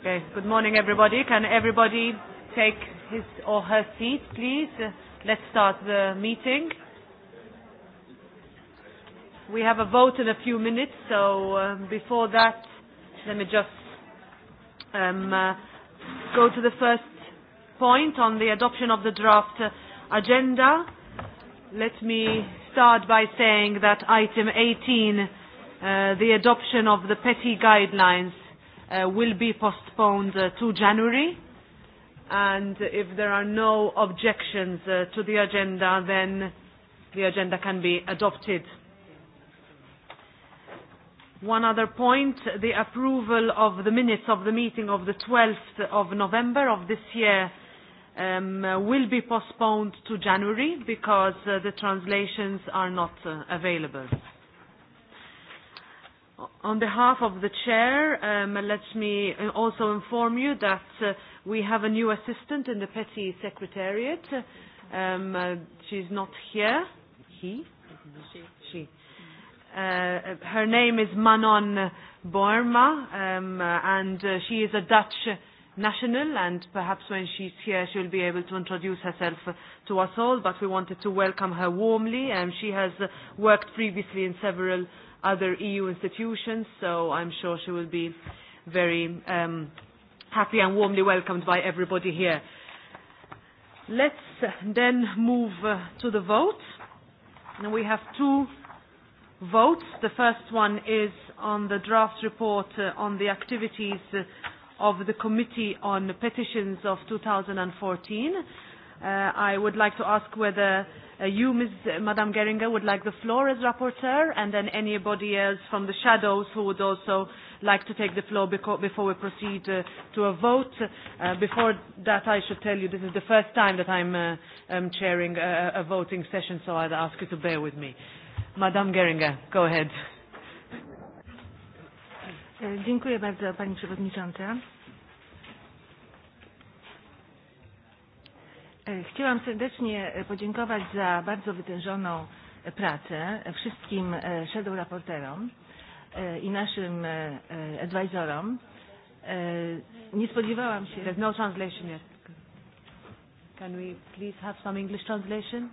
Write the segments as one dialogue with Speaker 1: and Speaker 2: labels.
Speaker 1: Okay, good morning everybody. Can everybody take his or her seat, please? Let's start the meeting. We have a vote in a few minutes, so uh, before that, let me just um, uh, go to the first point on the adoption of the draft agenda. Let me start by saying that item 18 Uh, the adoption of the petty guidelines uh, will be postponed uh, to January. And if there are no objections uh, to the agenda, then the agenda can be adopted. One other point, the approval of the minutes of the meeting of the 12th of November of this year um, will be postponed to January because uh, the translations are not uh, available. On behalf of the chair, um, let me uh, also inform you that uh, we have a new assistant in the petty secretariat. Um, uh, she's not here. He? She. she. Uh, her name is Manon Boerma um, uh, and uh, she is a Dutch national, and perhaps when she's here, she'll be able to introduce herself to us all, but we wanted to welcome her warmly. Um, she has uh, worked previously in several other EU institutions, so I'm sure she will be very um, happy and warmly welcomed by everybody here. Let's then move uh, to the vote. Now we have two votes. The first one is on the draft report uh, on the activities uh, of the Committee on Petitions of 2014. Uh, I would like to ask whether Uh, you, Ms. Uh, Madame Geringer, would like the floor as rapporteur, and then anybody else from the shadows who would also like to take the floor before we proceed uh, to a vote. Uh, before that, I should tell you this is the first time that I'm uh, um, chairing a, a voting session, so I'd ask you to bear with me. Madame Geringer, go ahead. Dziękuję bardzo
Speaker 2: Pani Przewodnicząca. Chciałam serdecznie podziękować za bardzo wytężoną pracę wszystkim shadow raporterom i naszym advisorom.
Speaker 1: Nie spodziewałam się... There's no translation yet. Can we please have some English translation?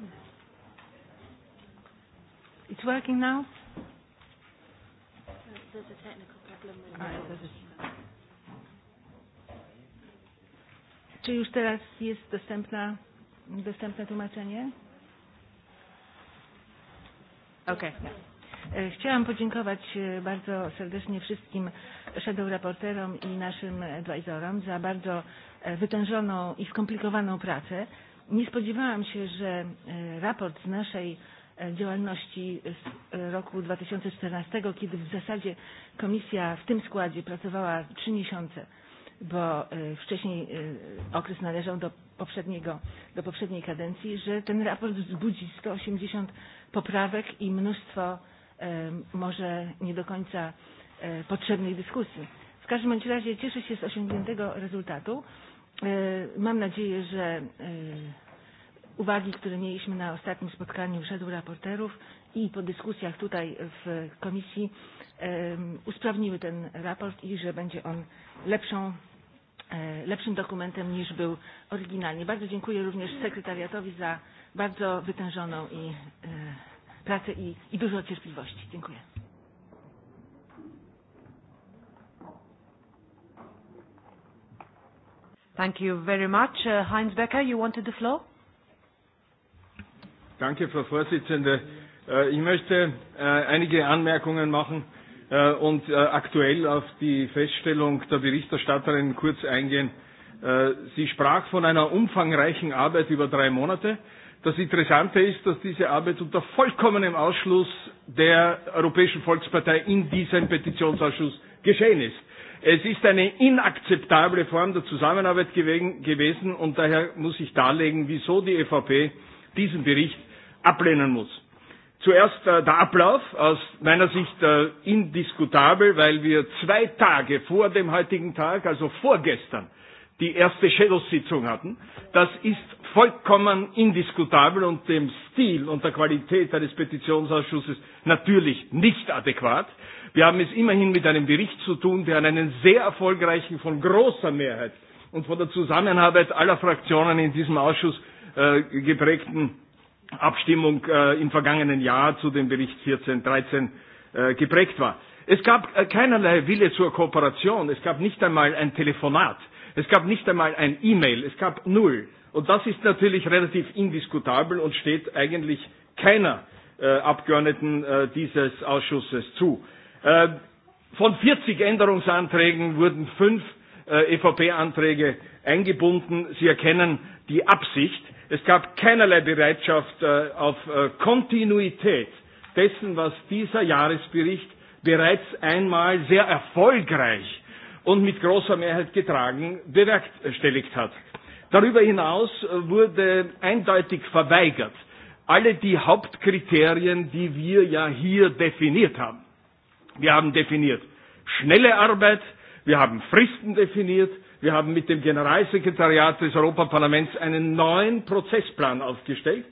Speaker 1: It's working now?
Speaker 2: There's a technical problem with Czy już teraz jest dostępna, dostępne tłumaczenie? Okej. Okay. Chciałam podziękować bardzo serdecznie wszystkim shadow reporterom i naszym advisorom za bardzo wytężoną i skomplikowaną pracę. Nie spodziewałam się, że raport z naszej działalności z roku 2014, kiedy w zasadzie komisja w tym składzie pracowała trzy miesiące, bo wcześniej okres należał do, poprzedniego, do poprzedniej kadencji, że ten raport wzbudzi 180 poprawek i mnóstwo może nie do końca potrzebnej dyskusji. W każdym bądź razie cieszę się z osiągniętego rezultatu. Mam nadzieję, że uwagi, które mieliśmy na ostatnim spotkaniu szedł raporterów i po dyskusjach tutaj w komisji usprawniły ten raport i że będzie on lepszą lepszym dokumentem niż był oryginalnie. Bardzo dziękuję również sekretariatowi za bardzo wytężoną i pracę i, i
Speaker 1: dużo cierpliwości. Dziękuję. Thank you very much. Uh, Heinz Becker, you wanted the floor?
Speaker 3: Danke, Frau Vorsitzende. Äh, ich möchte äh, einige Anmerkungen machen äh, und aktuell auf die Feststellung der Berichterstatterin kurz eingehen. Sie sprach von einer umfangreichen Arbeit über drei Monate. Das Interessante ist, dass diese Arbeit unter vollkommenem Ausschluss der Europäischen Volkspartei in diesem Petitionsausschuss geschehen ist. Es ist eine inakzeptable Form der Zusammenarbeit gewesen und daher muss ich darlegen, wieso die EVP diesen Bericht ablehnen muss. Zuerst äh, der Ablauf aus meiner Sicht äh, indiskutabel, weil wir zwei Tage vor dem heutigen Tag, also vorgestern, die erste Shadow-Sitzung hatten. Das ist vollkommen indiskutabel und dem Stil und der Qualität eines Petitionsausschusses natürlich nicht adäquat. Wir haben es immerhin mit einem Bericht zu tun, der an einen sehr erfolgreichen, von großer Mehrheit und von der Zusammenarbeit aller Fraktionen in diesem Ausschuss äh, geprägten Abstimmung äh, im vergangenen Jahr zu dem Bericht 1413 äh, geprägt war. Es gab äh, keinerlei Wille zur Kooperation, es gab nicht einmal ein Telefonat, es gab nicht einmal ein E-Mail, es gab null. Und das ist natürlich relativ indiskutabel und steht eigentlich keiner äh, Abgeordneten äh, dieses Ausschusses zu. Äh, von 40 Änderungsanträgen wurden fünf äh, EVP-Anträge eingebunden. Sie erkennen die Absicht, Es gab keinerlei Bereitschaft äh, auf äh, Kontinuität dessen, was dieser Jahresbericht bereits einmal sehr erfolgreich und mit großer Mehrheit getragen bewerkstelligt hat. Darüber hinaus äh, wurde eindeutig verweigert alle die Hauptkriterien, die wir ja hier definiert haben. Wir haben definiert schnelle Arbeit, wir haben Fristen definiert, Wir haben mit dem Generalsekretariat des Europaparlaments einen neuen Prozessplan aufgestellt.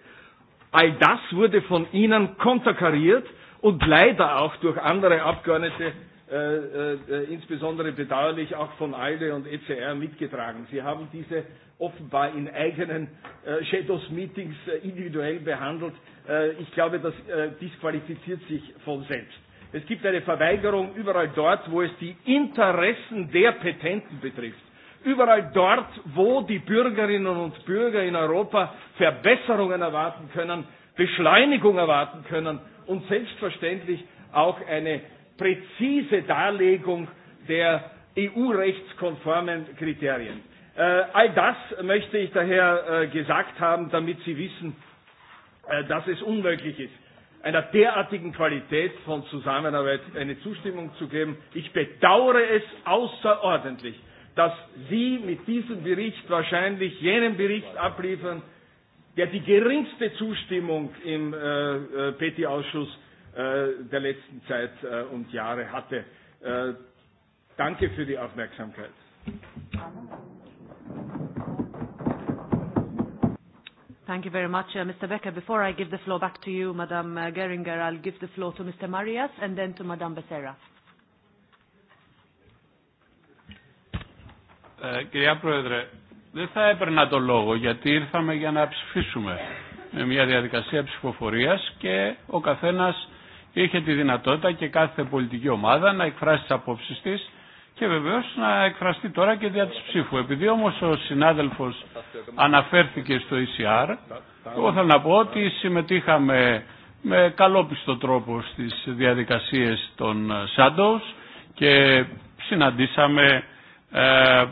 Speaker 3: All das wurde von Ihnen konterkariert und leider auch durch andere Abgeordnete, äh, äh, äh, insbesondere bedauerlich auch von ALDE und ECR mitgetragen. Sie haben diese offenbar in eigenen äh, Shadows-Meetings äh, individuell behandelt. Äh, ich glaube, das äh, disqualifiziert sich von selbst. Es gibt eine Verweigerung überall dort, wo es die Interessen der Petenten betrifft überall dort, wo die Bürgerinnen und Bürger in Europa Verbesserungen erwarten können, Beschleunigung erwarten können und selbstverständlich auch eine präzise Darlegung der EU-rechtskonformen Kriterien. Äh, all das möchte ich daher äh, gesagt haben, damit Sie wissen, äh, dass es unmöglich ist, einer derartigen Qualität von Zusammenarbeit eine Zustimmung zu geben. Ich bedauere es außerordentlich dass Sie mit diesem Bericht wahrscheinlich jenen Bericht abliefern, der die geringste Zustimmung im äh, äh, PETI-Ausschuss äh, der letzten Zeit äh, und Jahre hatte. Äh, danke für die Aufmerksamkeit.
Speaker 1: Thank you very much, uh, Mr. Becker. Before I give the floor back to you, Madam uh, Geringer, I'll give the floor to Mr. Marias and then to Madam Becerra.
Speaker 4: Ε, κυρία Πρόεδρε, δεν θα έπαιρνα το λόγο γιατί ήρθαμε για να ψηφίσουμε με μια διαδικασία ψηφοφορίας και ο καθένας είχε τη δυνατότητα και κάθε πολιτική ομάδα να εκφράσει τις απόψεις της και βεβαίως να εκφραστεί τώρα και δια της ψήφου. Επειδή όμως ο συνάδελφος αναφέρθηκε στο ECR, εγώ θέλω να πω ότι συμμετείχαμε με καλόπιστο τρόπο στις διαδικασίες των Shadows και συναντήσαμε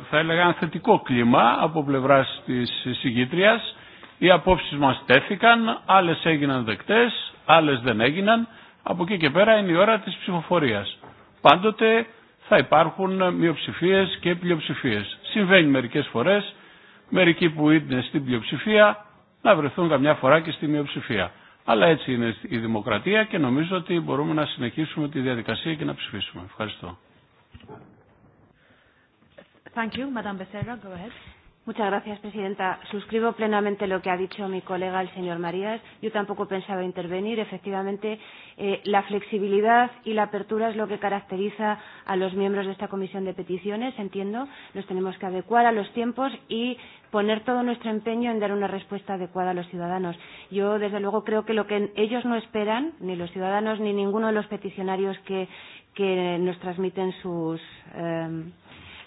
Speaker 4: θα έλεγα ένα θετικό κλίμα από πλευράς της συγκήτριας. Οι απόψεις μας τέθηκαν, άλλες έγιναν δεκτές, άλλες δεν έγιναν. Από εκεί και πέρα είναι η ώρα της ψηφοφορίας. Πάντοτε θα υπάρχουν μειοψηφίες και πλειοψηφίες. Συμβαίνει μερικές φορές, μερικοί που είναι στην πλειοψηφία να βρεθούν καμιά φορά και στη μειοψηφία. Αλλά έτσι είναι η δημοκρατία και νομίζω ότι μπορούμε να συνεχίσουμε τη διαδικασία και να ψηφίσουμε. Ευχαριστώ.
Speaker 5: Thank you, Madame Becerra. Go ahead. Muchas gracias, presidenta. Suscribo plenamente lo que ha dicho mi colega, el señor Marías. Yo tampoco pensaba intervenir. Efectivamente, eh, la flexibilidad y la apertura es lo que caracteriza a los miembros de esta comisión de peticiones. Entiendo, nos tenemos que adecuar a los tiempos y poner todo nuestro empeño en dar una respuesta adecuada a los ciudadanos. Yo, desde luego, creo que lo que ellos no esperan, ni los ciudadanos ni ninguno de los peticionarios que, que nos transmiten sus. Eh,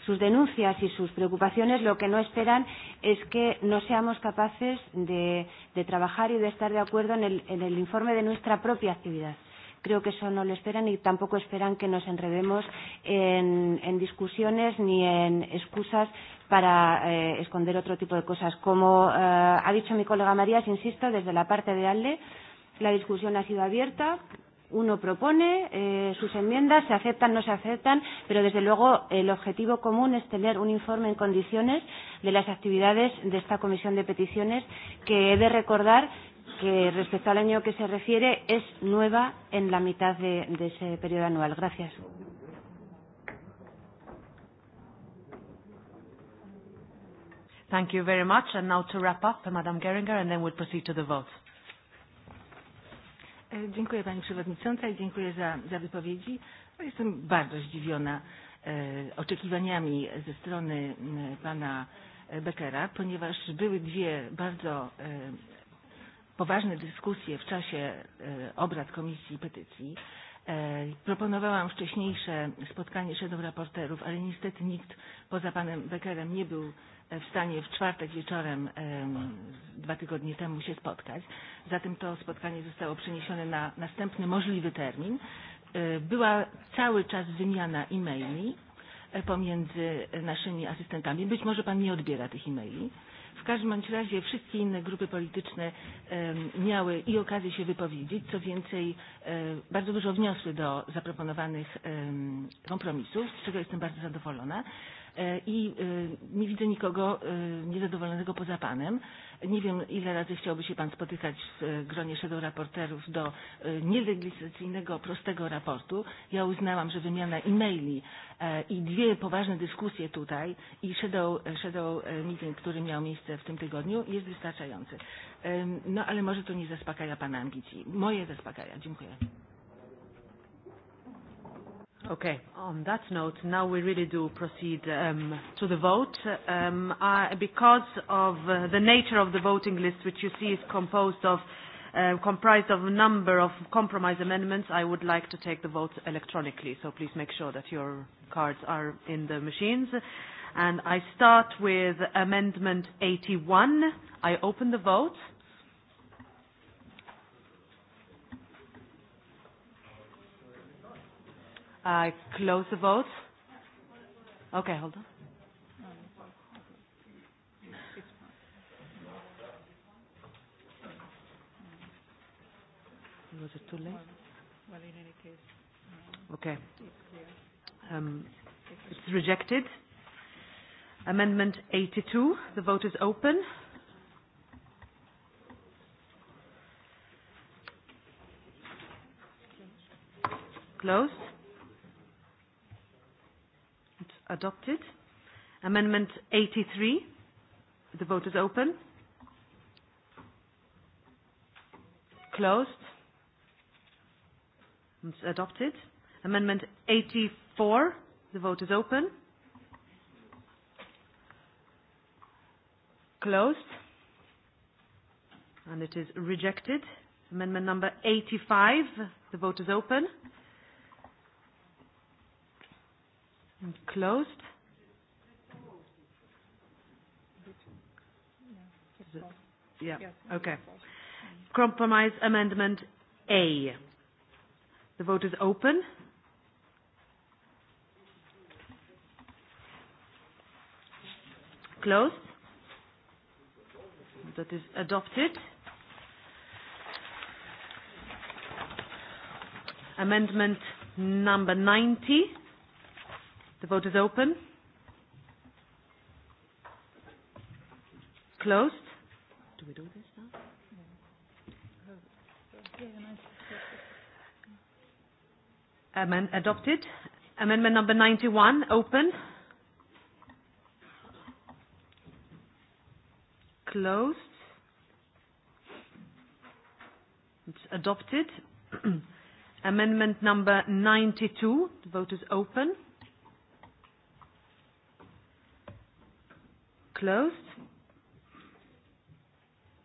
Speaker 5: sus denuncias y sus preocupaciones lo que no esperan es que no seamos capaces de, de trabajar y de estar de acuerdo en el, en el informe de nuestra propia actividad. Creo que eso no lo esperan y tampoco esperan que nos enredemos en, en discusiones ni en excusas para eh, esconder otro tipo de cosas. Como eh, ha dicho mi colega Marías, insisto, desde la parte de ALDE, la discusión ha sido abierta, uno propone, eh, sus enmiendas se aceptan, no se aceptan, pero desde luego el objetivo común es tener un informe en condiciones de las actividades de esta comisión de peticiones que he de recordar que respecto al año que se refiere es nueva en la mitad de, de ese periodo anual. Gracias.
Speaker 1: Thank you very much. And now to wrap up, Madame Geringer, and then we'll proceed to the votes. Dziękuję Pani Przewodnicząca
Speaker 2: i dziękuję za, za wypowiedzi. Jestem bardzo zdziwiona oczekiwaniami ze strony Pana Beckera, ponieważ były dwie bardzo poważne dyskusje w czasie obrad Komisji Petycji. Proponowałam wcześniejsze spotkanie szedów raporterów, ale niestety nikt poza panem Beckerem nie był w stanie w czwartek wieczorem dwa tygodnie temu się spotkać. Zatem to spotkanie zostało przeniesione na następny możliwy termin. Była cały czas wymiana e-maili pomiędzy naszymi asystentami. Być może pan nie odbiera tych e-maili. W każdym bądź razie wszystkie inne grupy polityczne miały i okazję się wypowiedzieć, co więcej bardzo dużo wniosły do zaproponowanych kompromisów, z czego jestem bardzo zadowolona i nie widzę nikogo niezadowolonego poza Panem nie wiem, ile razy chciałby się Pan spotykać w gronie shadow raporterów do nielegislacyjnego, prostego raportu. Ja uznałam, że wymiana e-maili i dwie poważne dyskusje tutaj i shadow, shadow meeting, który miał miejsce w tym tygodniu jest wystarczający. No ale może to nie zaspokaja Pana ambicji. Moje zaspokaja. Dziękuję.
Speaker 1: Okay. On that note, now we really do proceed um, to the vote. Um, I, because of uh, the nature of the voting list, which you see is composed of, uh, comprised of a number of compromise amendments, I would like to take the vote electronically. So please make sure that your cards are in the machines. And I start with Amendment 81. I open the vote. I close the vote. Okay, hold on. Was it too late?
Speaker 6: Well, in any case.
Speaker 1: Okay. Um, it's rejected. Amendment 82. The vote is open. Closed. adopted. Amendment 83. The vote is open. Closed. It's adopted. Amendment 84. The vote is open. Closed. And it is rejected. Amendment number 85. The vote is open. and closed.
Speaker 6: Yeah, okay.
Speaker 1: Compromise Amendment A. The vote is open. Closed. That is adopted. Amendment number 90. The vote is open. Closed. Do we do this now? Amend adopted. Amendment number 91, open. Closed. It's adopted. Amendment number 92, the vote is open. closed.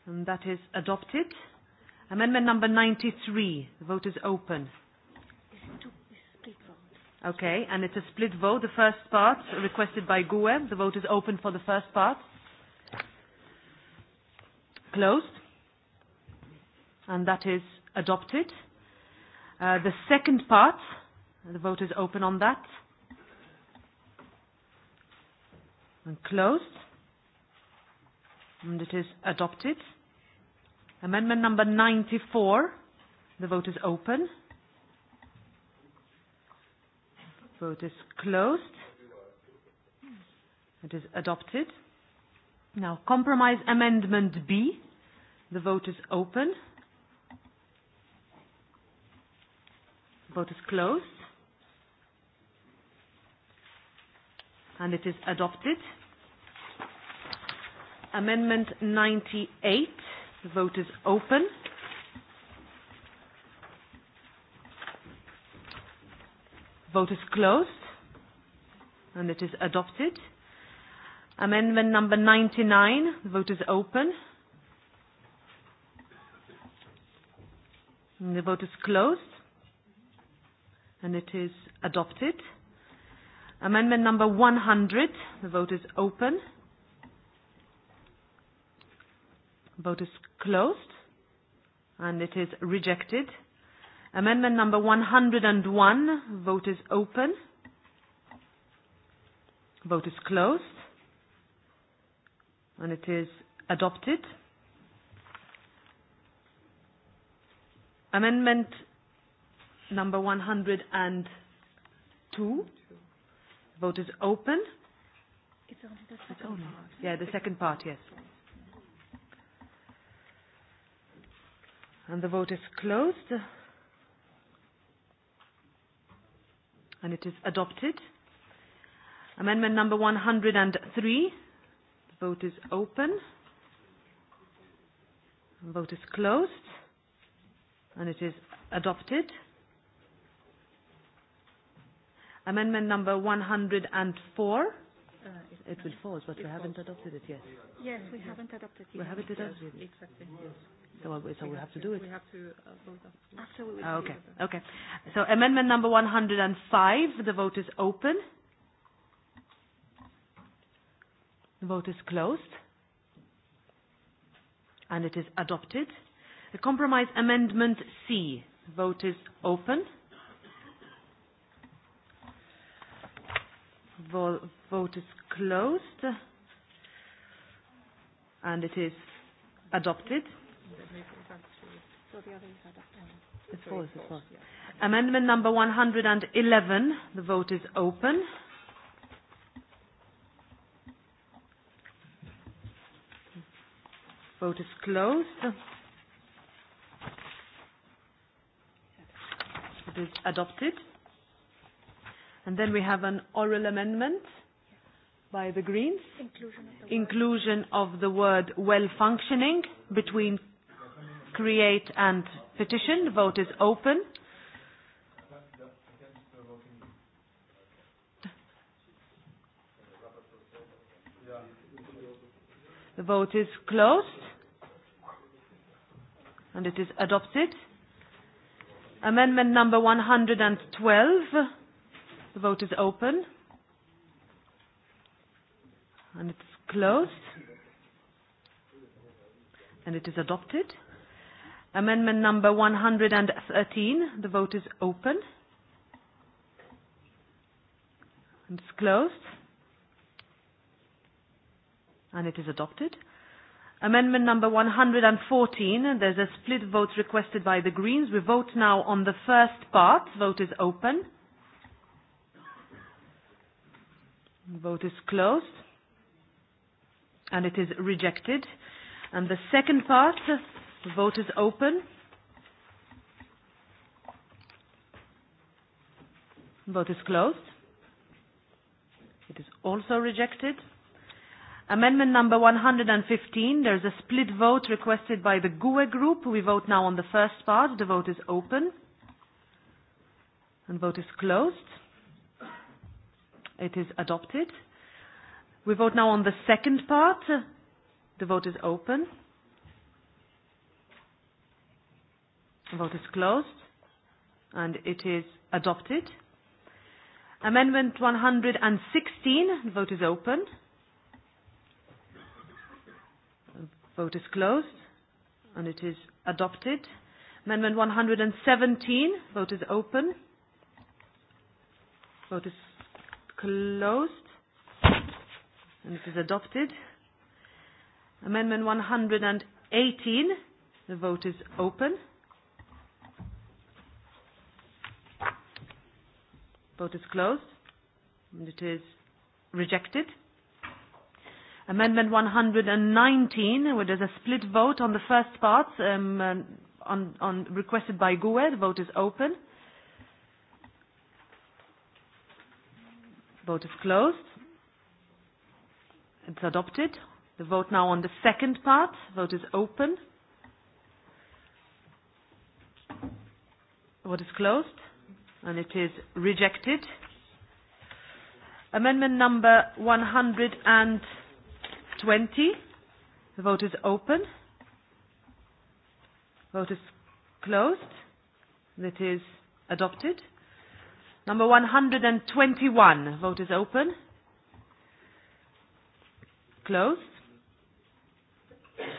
Speaker 1: And that is adopted. Amendment number 93. The vote is open. Okay, and it's a split vote. The first part requested by GUE. The vote is open for the first part. Closed. And that is adopted. Uh, the second part, the vote is open on that. And closed and mm, it is adopted. Amendment number 94. The vote is open. Vote is closed. It is adopted. Now, compromise amendment B. The vote is open. Vote is closed. And it is adopted. Amendment 98. The vote is open. Vote is closed, and it is adopted. Amendment number 99. The vote is open. And the vote is closed, and it is adopted. Amendment number 100. The vote is open. Vote is closed, and it is rejected. Amendment number 101. Vote is open. Vote is closed, and it is adopted. Amendment number 102. Vote is open.
Speaker 6: It's only the second part. Yeah, the second
Speaker 1: part, yes. And the vote is closed. And it is adopted. Amendment number 103. The vote is open. The vote is closed. And it is adopted. Amendment number 104. Uh, it, will fall, but we haven't adopted it yet. Yes, we haven't adopted it. We haven't adopted
Speaker 6: it. Exactly. Yes.
Speaker 1: So, so we, have to, to do it.
Speaker 6: We have to uh, vote after. after ah, okay. Okay.
Speaker 1: So amendment number 105. The vote is open. The vote is closed. And it is adopted. The compromise amendment C. The vote is open. Vol vote is closed. And it is adopted. So the other is Amendment number 111. The vote is open. Vote is closed. It is adopted. And then we have an oral amendment by the Greens. Inclusion of the word, of the word well functioning between create and petition. The vote is open. The vote is closed. And it is adopted. Amendment number 112. The vote is open. And it's closed. And it is adopted. Amendment number 113. The vote is open. It's closed. And it is adopted. Amendment number 114. There's a split vote requested by the Greens. We vote now on the first part. Vote is open. Vote is closed. And it is rejected. And the second part, The vote is open. The vote is closed. It is also rejected. Amendment number 115, There is a split vote requested by the GUE group. We vote now on the first part. The vote is open. And vote is closed. It is adopted. We vote now on the second part. The vote is open. Vote is closed. And it is adopted. Amendment 116. Vote is open. Vote is closed. And it is adopted. Amendment 117. Vote is open. Vote is closed. And it is adopted. Amendment 118. The vote is open. Vote is closed. And it is rejected. Amendment 119, where there's a split vote on the first part, um, uh, on, on requested by GUE. The vote is open. Vote is closed. It's adopted. The vote now on the second part. Vote is open. Vote is closed and it is rejected. Amendment number 120. The vote is open. Vote is closed. And it is adopted. Number 121. Vote is open. Closed.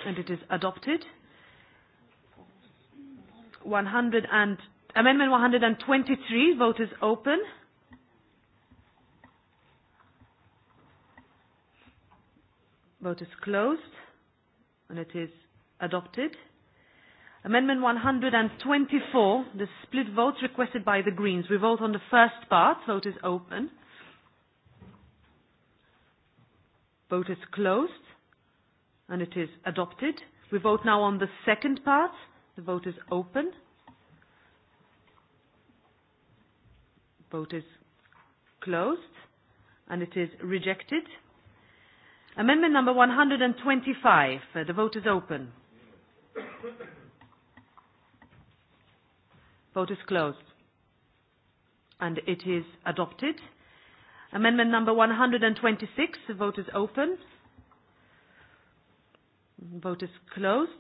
Speaker 1: And it is adopted. 122. Amendment 123, vote is open. Vote is closed, and it is adopted. Amendment 124, the split vote requested by the Greens. We vote on the first part. Vote is open. Vote is closed, and it is adopted. We vote now on the second part. The vote is open. Vote is closed and it is rejected. Amendment number 125. Uh, the vote is open. vote is closed and it is adopted. Amendment number 126. The vote is open. Vote is closed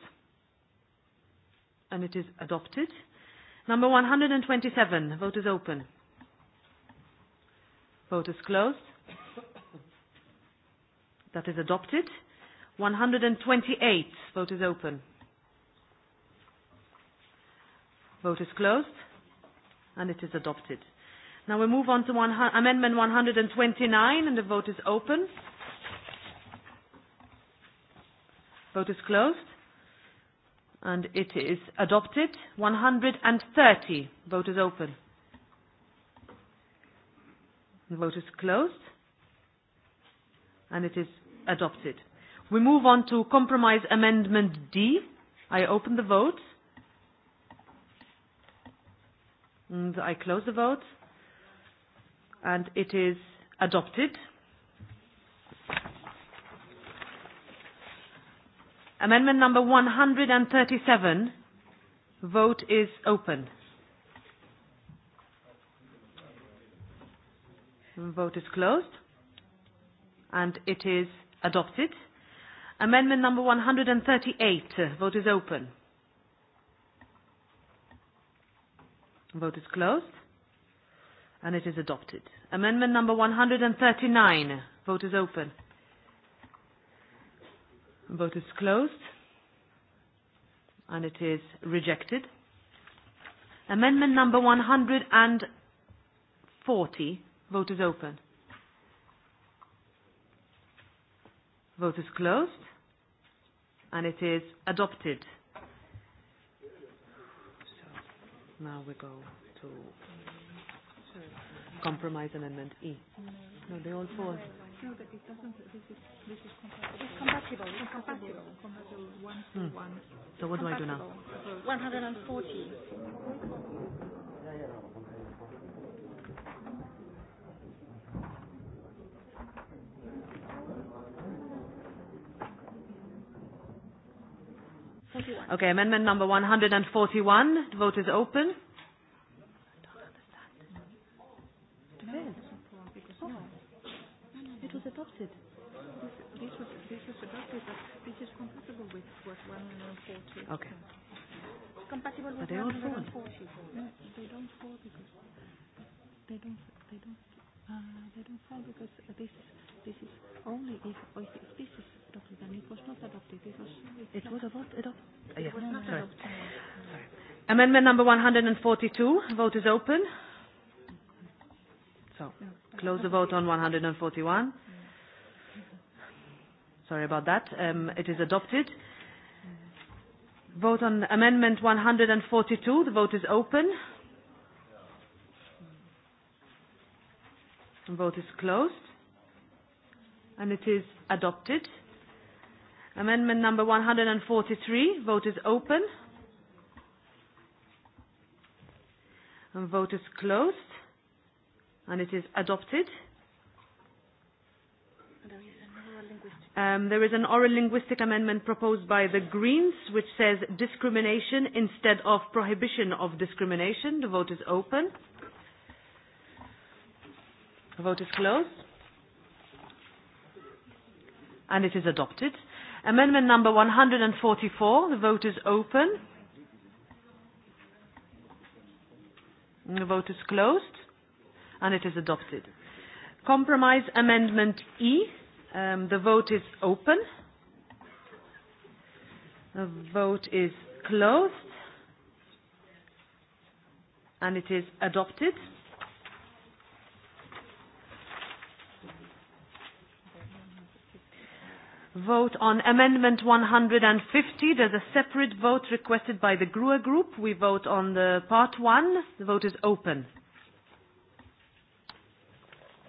Speaker 1: and it is adopted. Number 127. Vote is open. Vote is closed. That is adopted. 128. Vote is open. Vote is closed. And it is adopted. Now we move on to one, Amendment 129 and the vote is open. Vote is closed. And it is adopted. 130. Vote is open. The vote is closed. And it is adopted. We move on to compromise amendment D. I open the vote. And I close the vote. And it is adopted. Amendment number 137. Vote is open. Vote is closed. And it is adopted. Amendment number 138. Vote is open. Vote is closed. And it is adopted. Amendment number 139. Vote is open. Vote is closed. And it is rejected. Amendment number 140. Vote is open. Vote is closed. And it is adopted. So now we go to compromise amendment E. No, they all fall.
Speaker 6: No, but it doesn't. This is this is compatible. It's compatible. It's compatible. Compatible one to hmm. one. So what do I do now? 140. 141.
Speaker 1: Okay, amendment number 141. The vote is open.
Speaker 6: it was adopted. This, was, adopted, but this is compatible with what 140. Okay. compatible with 140. they don't fall because they don't they don't uh, they don't fall because this this is only if, if, if this is adopted, then it was not adopted. It was, it was about adopted.
Speaker 1: uh, yeah. It was not Sorry. adopted.
Speaker 6: Sorry.
Speaker 1: Amendment number 142. Vote is open. So, close the vote on 141. Sorry about that. Um, it is adopted. Vote on Amendment 142. The vote is open. The vote is closed and it is adopted. Amendment number 143. Vote is open. And vote is closed. And it is adopted. Um, there is an oral linguistic amendment proposed by the Greens which says discrimination instead of prohibition of discrimination. The vote is open. The vote is closed and it is adopted. Amendment number 144, the vote is open. The vote is closed, and it is adopted. Compromise Amendment E, um, the vote is open. The vote is closed, and it is adopted. vote on Amendment 150. There's a separate vote requested by the Gruer Group. We vote on the part one. The vote is open.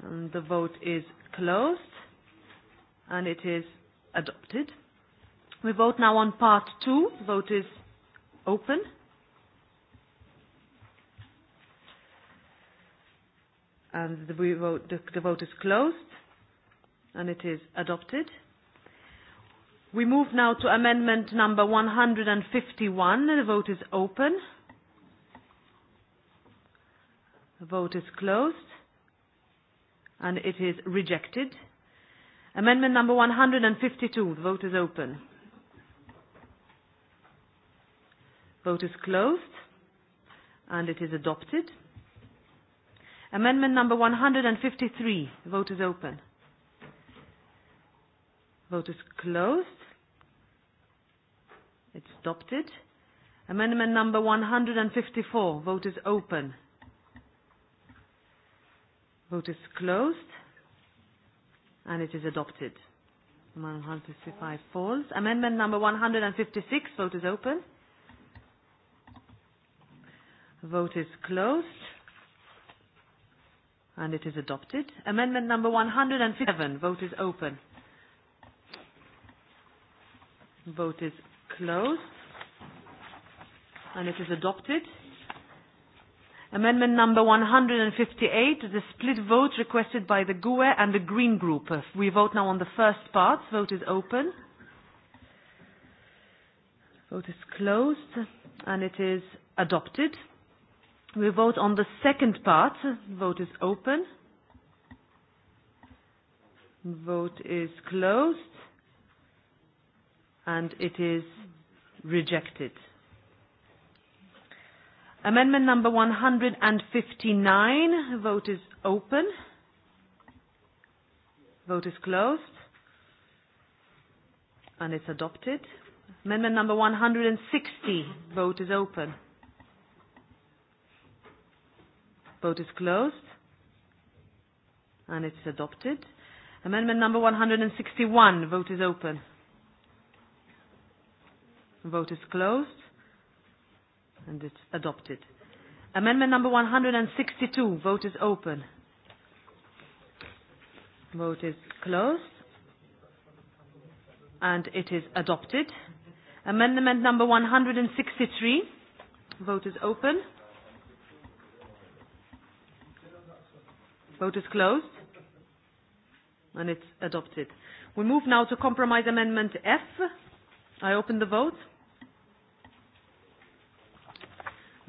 Speaker 1: And the vote is closed, and it is adopted. We vote now on part two. The vote is open. And the vote, the, the vote is closed, and it is adopted. We move now to amendment number 151. The vote is open. The vote is closed, and it is rejected. Amendment number 152. The vote is open. Vote is closed, and it is adopted. Amendment number 153. The vote is open. Vote is closed. It's adopted. Amendment number 154. Vote is open. Vote is closed. And it is adopted. Amendment 155 falls. Amendment number 156. Vote is open. Vote is closed. And it is adopted. Amendment number 157. Vote is open. Vote is closed. And it is adopted. Amendment number 158, the split vote requested by the GUE and the Green Group. We vote now on the first part. Vote is open. Vote is closed, and it is adopted. We vote on the second part. Vote is open. Vote is closed, and it is rejected. Amendment number 159. Vote is open. Vote is closed. And it's adopted. Amendment number 160. Vote is open. Vote is closed. And it's adopted. Amendment number 161. Vote is open. Vote is closed. And it's adopted. Amendment number 162. Vote is open. Vote is closed. And it is adopted. Amendment number 163. Vote is open. Vote is closed. And it's adopted. We move now to compromise amendment F. I open the vote.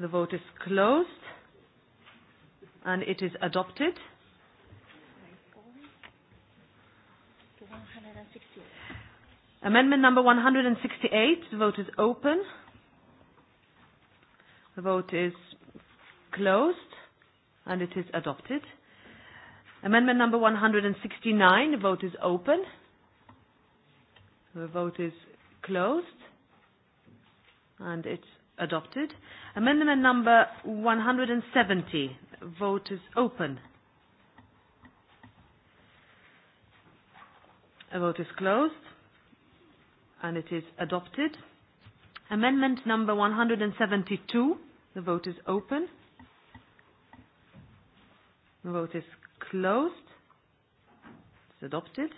Speaker 1: The vote is closed, and it is adopted. Amendment number 168. The vote is open. The vote is closed, and it is adopted. Amendment number 169. The vote is open. The vote is closed, and it Adopted. Amendment number 170. Vote is open. The vote is closed, and it is adopted. Amendment number 172. The vote is open. The vote is closed. It's adopted.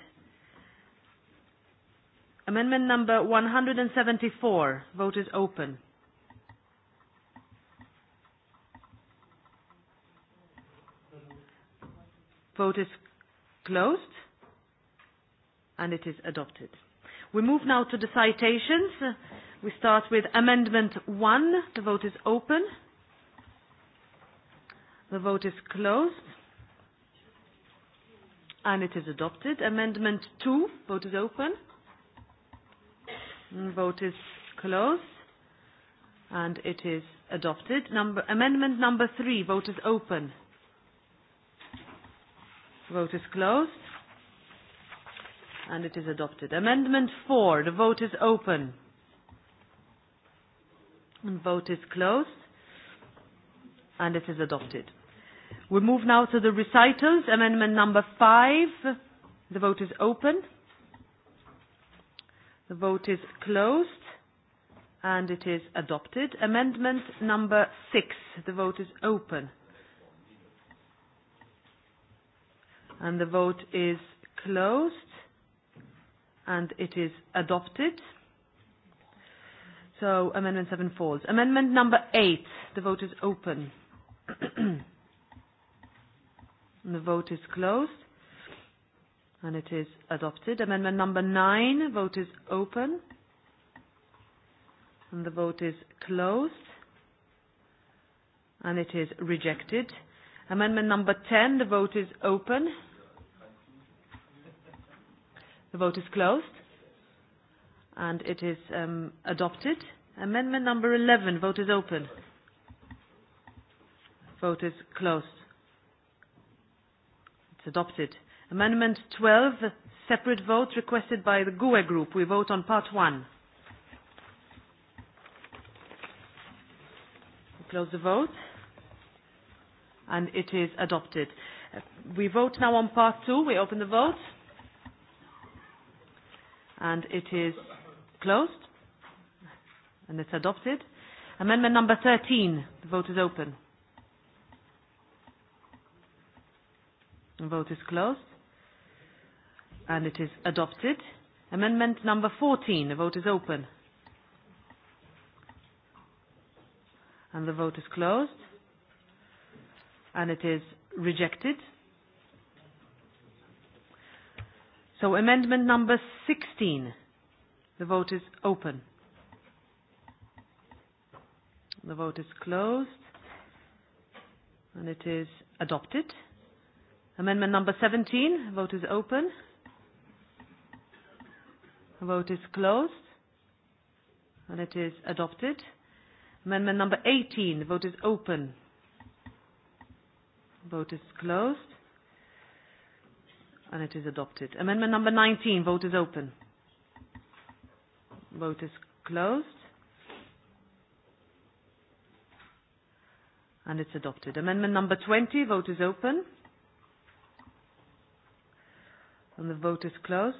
Speaker 1: Amendment number 174. Vote is open. Vote is closed, and it is adopted. We move now to the citations. We start with Amendment one. The vote is open. The vote is closed, and it is adopted. Amendment two, Vote is open. Mm, vote is closed, and it is adopted. amendment number three, Vote is open. Vote is closed. And it is adopted. Amendment 4. The vote is open. And vote is closed. And it is adopted. We move now to the recitals. Amendment number 5. The vote is open. The vote is closed. And it is adopted. Amendment number 6. The vote is open. and the vote is closed, and it is adopted. So amendment seven falls. Amendment number eight, the vote is open. and the vote is closed, and it is adopted. Amendment number nine, vote is open. And the vote is closed, and it is rejected. Amendment number 10, the vote is open. The vote is closed. And it is um, adopted. Amendment number 11. Vote is open. Vote is closed. It's adopted. Amendment 12. Separate vote requested by the GUE group. We vote on part 1. We close the vote. And it is adopted. We vote now on part 2. We open the vote and it is closed and it's adopted. Amendment number 13, the vote is open. The vote is closed and it is adopted. Amendment number 14, the vote is open. And the vote is closed and it is rejected. So amendment number 16. The vote is open. The vote is closed. And it is adopted. Amendment number 17. Vote is open. The vote is closed. And it is adopted. Amendment number 18. The vote is open. The vote is closed and it is adopted. Amendment number 19, vote is open. Vote is closed. And it's adopted. Amendment number 20, vote is open. And the vote is closed.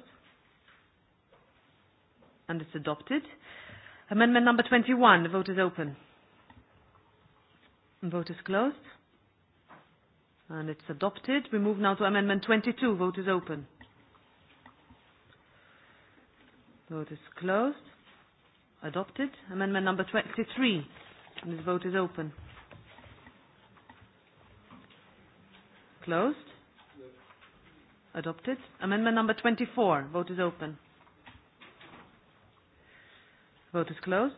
Speaker 1: And it's adopted. Amendment number 21, the vote is open. And vote is closed And it's adopted. We move now to Amendment 22. Vote is open. Vote is closed. Adopted. Amendment number 23. And this vote is open. Closed. Adopted. Amendment number 24. Vote is open. Vote is closed.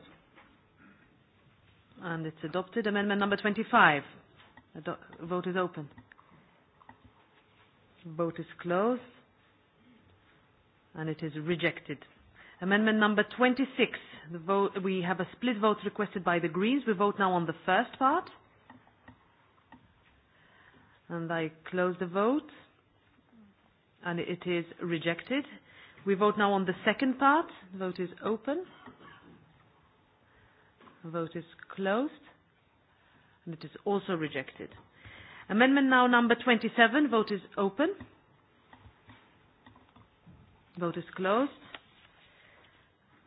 Speaker 1: And it's adopted. Amendment number 25. Vote is open. Vote is closed. And it is rejected. Amendment number 26. The vote, we have a split vote requested by the Greens. We vote now on the first part. And I close the vote. And it is rejected. We vote now on the second part. The vote is open. The vote is closed It is also rejected. Amendment now number 27. Vote is open. Vote is closed.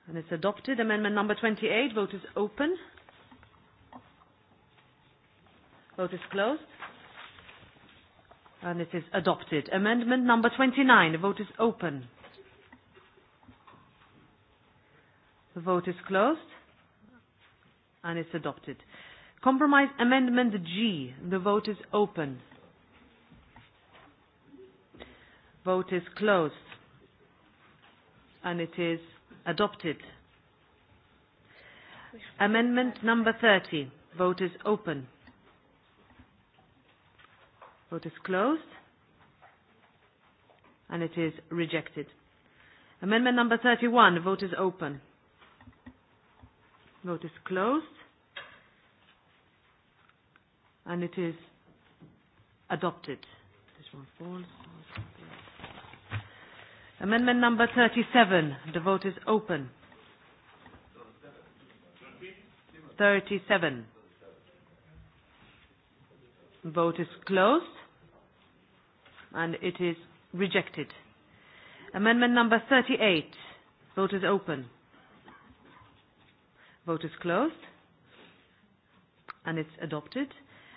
Speaker 1: And it's adopted. Amendment number 28. Vote is open. Vote is closed. And it is adopted. Amendment number 29. The vote is open. The vote is closed. And it's adopted. Compromise Amendment G. The vote is open. Vote is closed. And it is adopted. Amendment number 30. Vote is open. Vote is closed. And it is rejected. Amendment number 31. Vote is open. Vote is closed and it is adopted. This one falls. Amendment number 37. The vote is open.
Speaker 6: 37.
Speaker 1: Vote is closed and it is rejected. Amendment number 38. Vote is open. Vote is closed and it's adopted.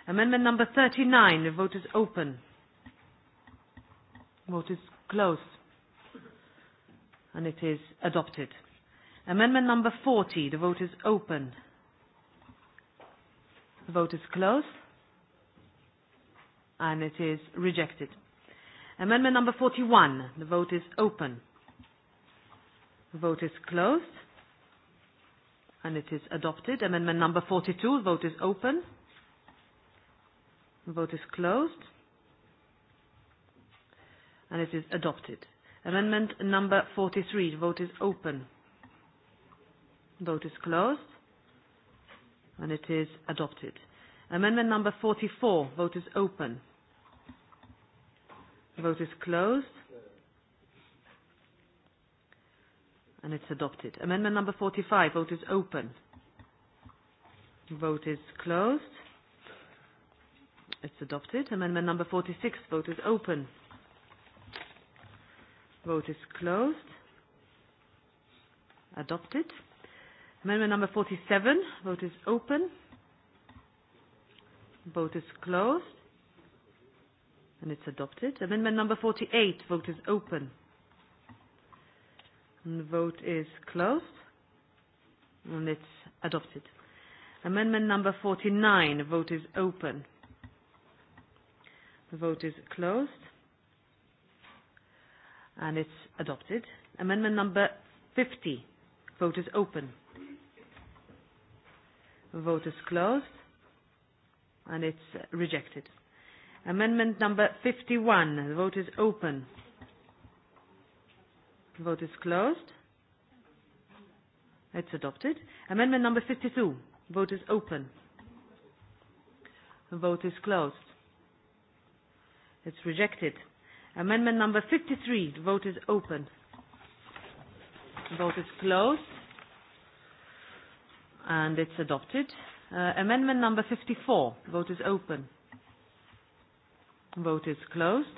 Speaker 1: Amendment number 39. The vote is open. Vote is closed. And it is adopted. Amendment number 40. The vote is open. The vote is closed. And it is rejected. Amendment number 41. The vote is open. The vote is closed. And it is adopted. Amendment number 42. The vote is open. Vote is closed. And it is adopted. Amendment number 43. Vote is open. Vote is closed. And it is adopted. Amendment number 44. Vote is open. Vote is closed. And it's adopted. Amendment number 45. Vote is open. Vote is closed. It's adopted. Amendment number 46. Vote is open. Vote is closed. Adopted. Amendment number 47. Vote is open. Vote is closed. And it's adopted. Amendment number 48. Vote is open. And the vote is closed. And it's adopted. Amendment number 49. Vote is open. The vote is closed. And it's adopted. Amendment number 50. Vote is open. Vote is closed. And it's rejected. Amendment number 51. The vote is open. The vote is closed. It's adopted. Amendment number 52. Vote is open. The vote is closed. It's rejected. Amendment number 53. The vote is open. The vote is closed. And it's adopted. Uh, amendment number 54. The vote is open. The vote is closed.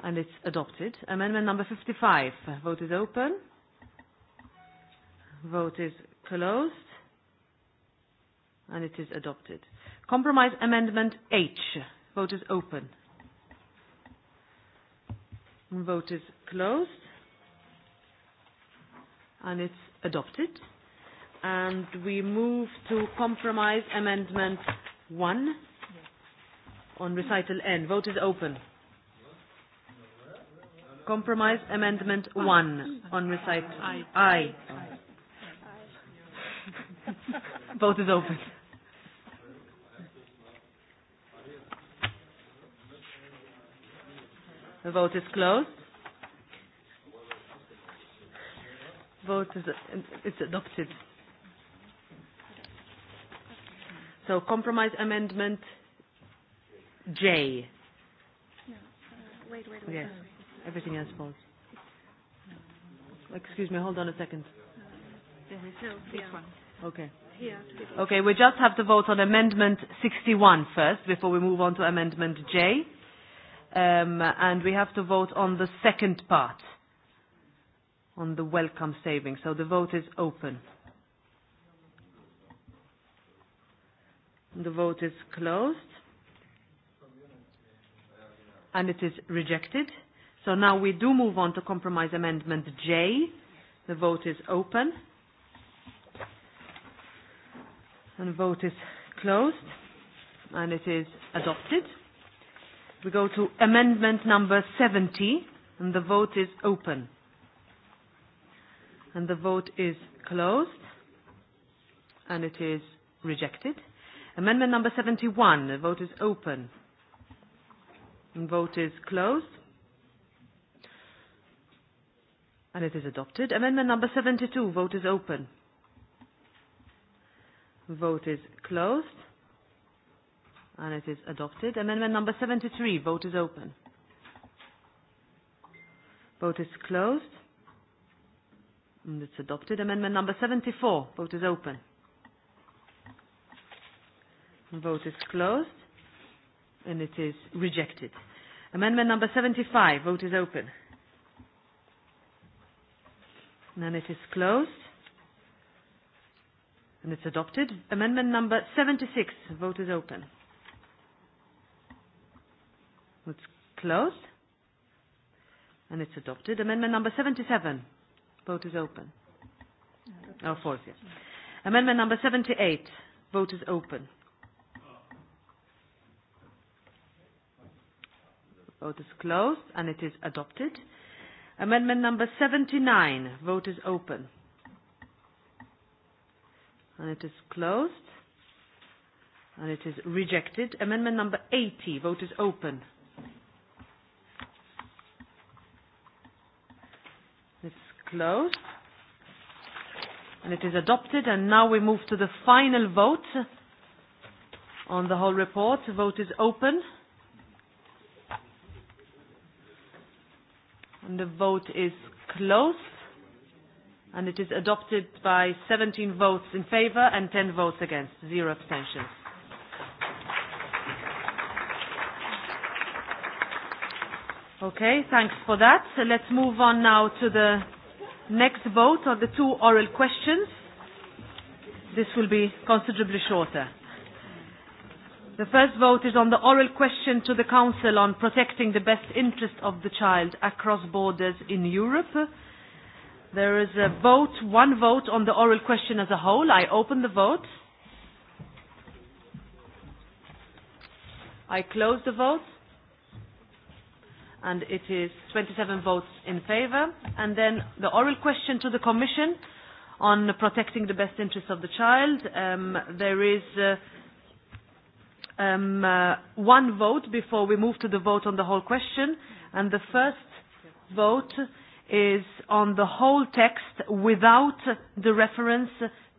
Speaker 1: And it's adopted. Amendment number 55. The vote is open. The vote is closed. And it is adopted. Compromise Amendment H. Vote is open. vote is closed. And it's adopted. And we move to compromise amendment 1 on recital N. Vote is open. Compromise amendment 1 on recital I. I. Vote is open. The vote is closed. Vote is it's adopted. So compromise amendment J.
Speaker 6: No, uh, wait, wait, wait. Yes, everything else
Speaker 1: falls. Excuse me, hold on a second.
Speaker 6: Uh, okay. Okay,
Speaker 1: we just have to vote on Amendment 61 first before we move on to Amendment J um, and we have to vote on the second part, on the welcome savings. So the vote is open. The vote is closed. And it is rejected. So now we do move on to compromise amendment J. The vote is open. And vote is closed. And it is adopted. We go to amendment number 70, and the vote is open. And the vote is closed, and it is rejected. Amendment number 71, the vote is open. And vote is closed. And it is adopted. Amendment number 72, vote is open. Vote is closed and it is adopted. Amendment number 73, vote is open. Vote is closed. And it's adopted. Amendment number 74, vote is open. And vote is closed. And it is rejected. Amendment number 75, vote is open. And it is closed. And it's adopted. Amendment number 76, vote is open. Closed. And it's adopted. Amendment number 77. Vote is open. Oh, false, yes. Amendment number 78. Vote is open. Vote is closed and it is adopted. Amendment number 79. Vote is open. And it is closed. And it is rejected. Amendment number 80. Vote is open. closed. And it is adopted. And now we move to the final vote on the whole report. The vote is open. And the vote is closed. And it is adopted by 17 votes in favor and 10 votes against, zero abstentions. Okay, thanks for that. So let's move on now to the next vote on the two oral questions. This will be considerably shorter. The first vote is on the oral question to the Council on protecting the best interest of the child across borders in Europe. There is a vote, one vote on the oral question as a whole. I open the vote. I close the vote and it is 27 votes in favour. And then the oral question to the Commission on protecting the best interests of the child. Um, there is uh, um, uh, one vote before we move to the vote on the whole question. And the first vote is on the whole text without the reference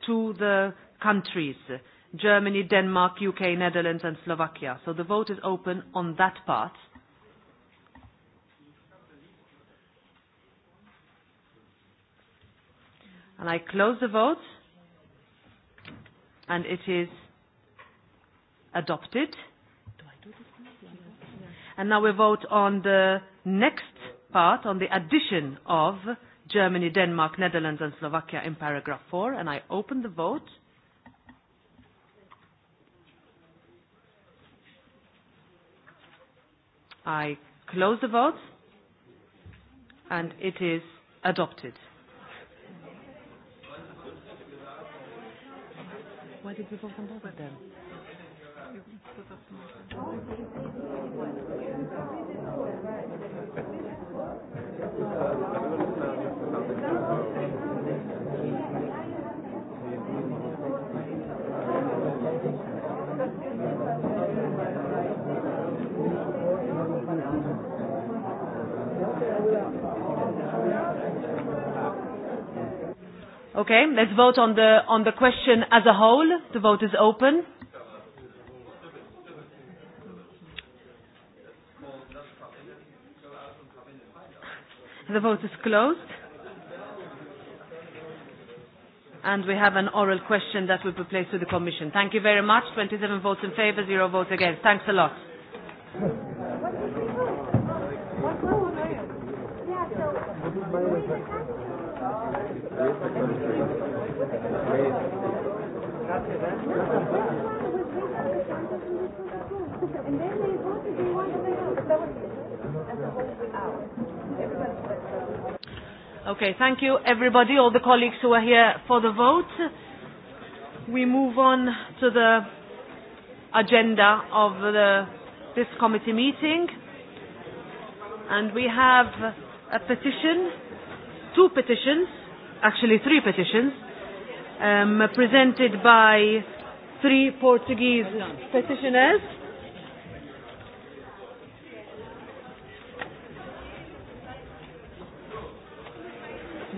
Speaker 1: to the countries. Germany, Denmark, UK, Netherlands and Slovakia. So the vote is open on that part. And I close the vote. And it is adopted. And now we vote on the next part, on the addition of Germany, Denmark, Netherlands and Slovakia in paragraph 4. And I open the vote. I close the vote. And it is adopted. Why did we vote on then?
Speaker 6: Thank you.
Speaker 1: Okay, let's vote on the, on the question as a whole. The vote is open.
Speaker 6: The vote is closed.
Speaker 1: And we have an oral question that will be placed to the Commission. Thank you very much. 27 votes in favour, zero votes against. Thanks a lot.
Speaker 6: What Okay,
Speaker 1: thank you everybody, all the colleagues who are here for the vote. We move on to the agenda of the, this committee meeting. And we have a petition, two petitions actually three petitions um, presented by three Portuguese petitioners.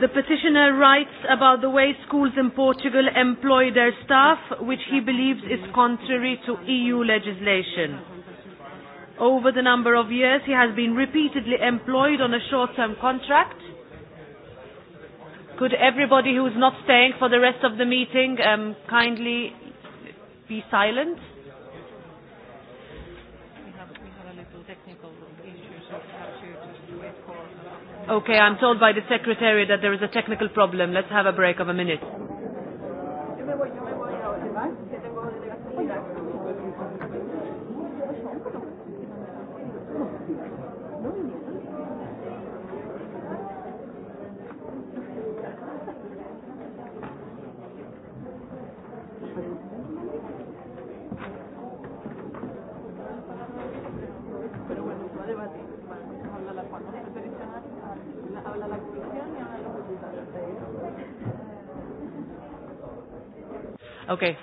Speaker 1: The petitioner writes about the way schools in Portugal employ their staff, which he believes is contrary to EU legislation. Over the number of years, he has been repeatedly employed on a short-term contract Could everybody who is not staying for the rest of the meeting um, kindly be silent? Okay, I'm told by the secretary that there is a technical problem. Let's have a break of a minute.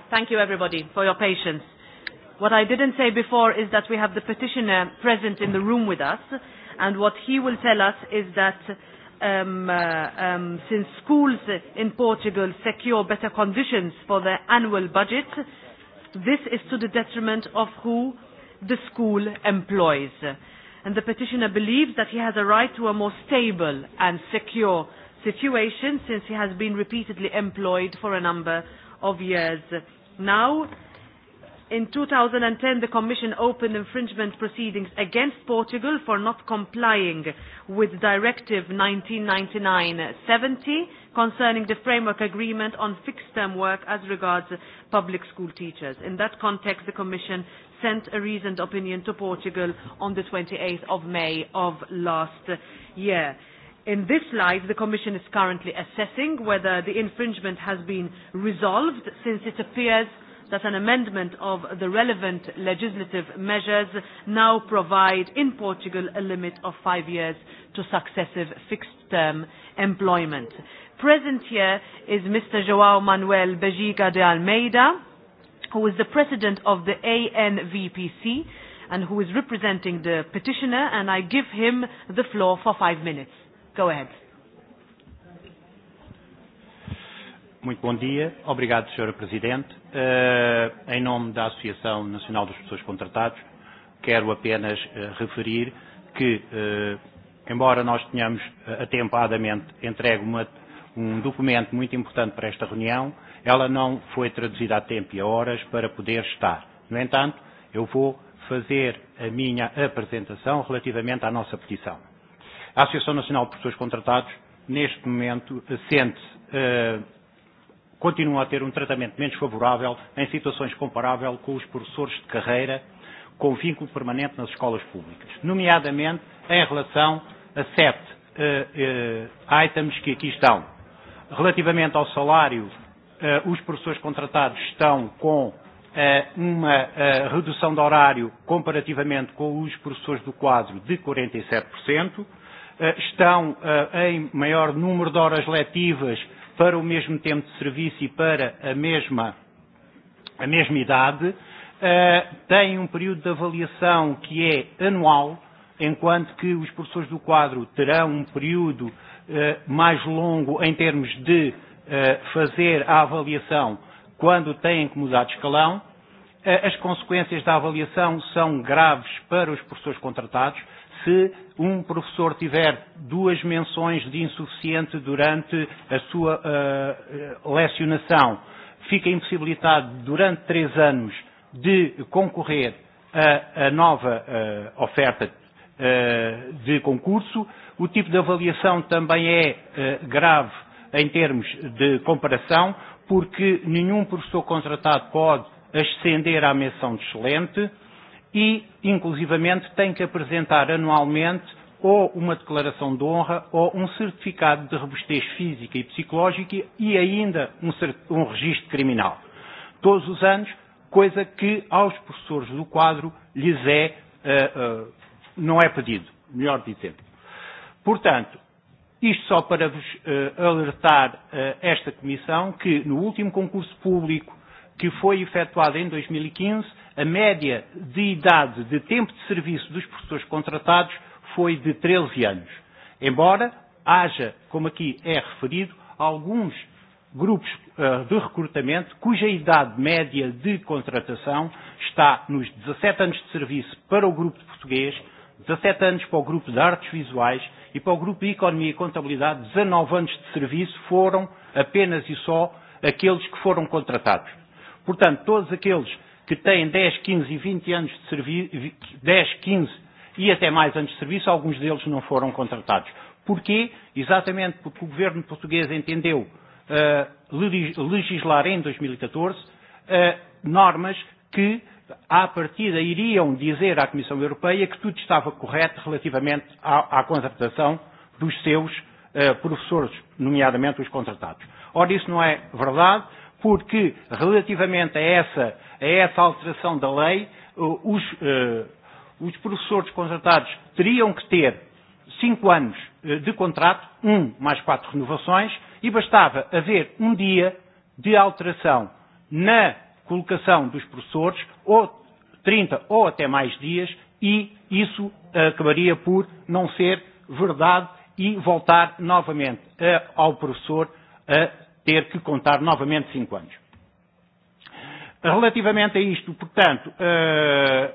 Speaker 1: Thank you, everybody, for your patience. What I didn't say before is that we have the petitioner present in the room with us, and what he will tell us is that um, uh, um, since schools in Portugal secure better conditions for their annual budget, this is to the detriment of who the school employs. And the petitioner believes that he has a right to a more stable and secure situation since he has been repeatedly employed for a number of years Now, in 2010, the Commission opened infringement proceedings against Portugal for not complying with Directive 1999-70 concerning the framework agreement on fixed-term work as regards public school teachers. In that context, the Commission sent a reasoned opinion to Portugal on the 28th of May of last year. In this light, the Commission is currently assessing whether the infringement has been resolved since it appears that an amendment of the relevant legislative measures now provide in Portugal a limit of five years to successive fixed-term employment. Present here is Mr. João Manuel Bejiga de Almeida, who is the president of the ANVPC and who is representing the petitioner, and I give him the floor for five minutes. Go ahead.
Speaker 7: Muito bom dia. Obrigado, Sr. Presidente. Uh, em nome da Associação Nacional dos Pessoas Contratados, quero apenas uh, referir que, uh, embora nós tenhamos uh, atempadamente entregue uma, um documento muito importante para esta reunião, ela não foi traduzida a tempo e a horas para poder estar. No entanto, eu vou fazer a minha apresentação relativamente à nossa petição. A Associação Nacional de Professores Contratados, neste momento, sente, eh, continua a ter um tratamento menos favorável em situações comparável com os professores de carreira com vínculo permanente nas escolas públicas, nomeadamente em relação a sete uh, uh, items que aqui estão. Relativamente ao salário, uh, os professores contratados estão com uh, uma uh, redução de horário comparativamente com os professores do quadro de 47%, Eh, estão eh, em maior número de horas letivas para o mesmo tempo de serviço e para a mesma, a mesma idade, eh, têm um período de avaliação que é anual, enquanto que os professores do quadro terão um período mais longo em termos de fazer a avaliação quando têm que mudar de escalão. As consequências da avaliação são graves para os professores contratados, se um professor tiver duas menções de insuficiente durante a sua uh, lecionação, fica impossibilitado durante três anos de concorrer a, a nova uh, oferta uh, de concurso. O tipo de avaliação também é uh, grave em termos de comparação, porque nenhum professor contratado pode ascender à menção de excelente. Uh, e, inclusivamente, tem que apresentar anualmente ou uma declaração de honra ou um certificado de robustez física e psicológica e ainda um, um registro criminal. Todos os anos, coisa que aos professores do quadro lhes é, uh, uh, não é pedido, melhor dizendo. Portanto, isto só para vos uh, alertar uh, esta Comissão que no último concurso público que foi efetuado em 2015, a média de idade de tempo de serviço dos professores contratados foi de 13 anos. Embora haja, como aqui é referido, alguns grupos eh, de recrutamento cuja idade média de contratação está nos 17 anos de serviço para o grupo de português, 17 anos para o grupo de artes visuais e para o grupo de economia e contabilidade, 19 anos de serviço foram apenas e só aqueles que foram contratados. Portanto, todos aqueles que têm 10, 15 e 20 anos de serviço, 10, 15 e até mais anos de serviço, alguns deles não foram contratados. Porquê? Exatamente porque o governo português entendeu uh, legislar em 2014 uh, normas que, à partida, iriam dizer à Comissão Europeia que tudo estava correto relativamente à, à contratação dos seus uh, professores, nomeadamente os contratados. Ora, isso não é verdade porque relativamente a essa, a essa alteração da lei, eh, os, uh, os professores contratados teriam que ter cinco anos eh, de contrato, um mais quatro renovações, e bastava haver um dia de alteração na colocação dos professores, ou 30 ou até mais dias, e isso acabaria por não ser verdade e voltar novamente ao professor a ter que contar novamente cinco anos. Relativamente a isto, portanto, uh,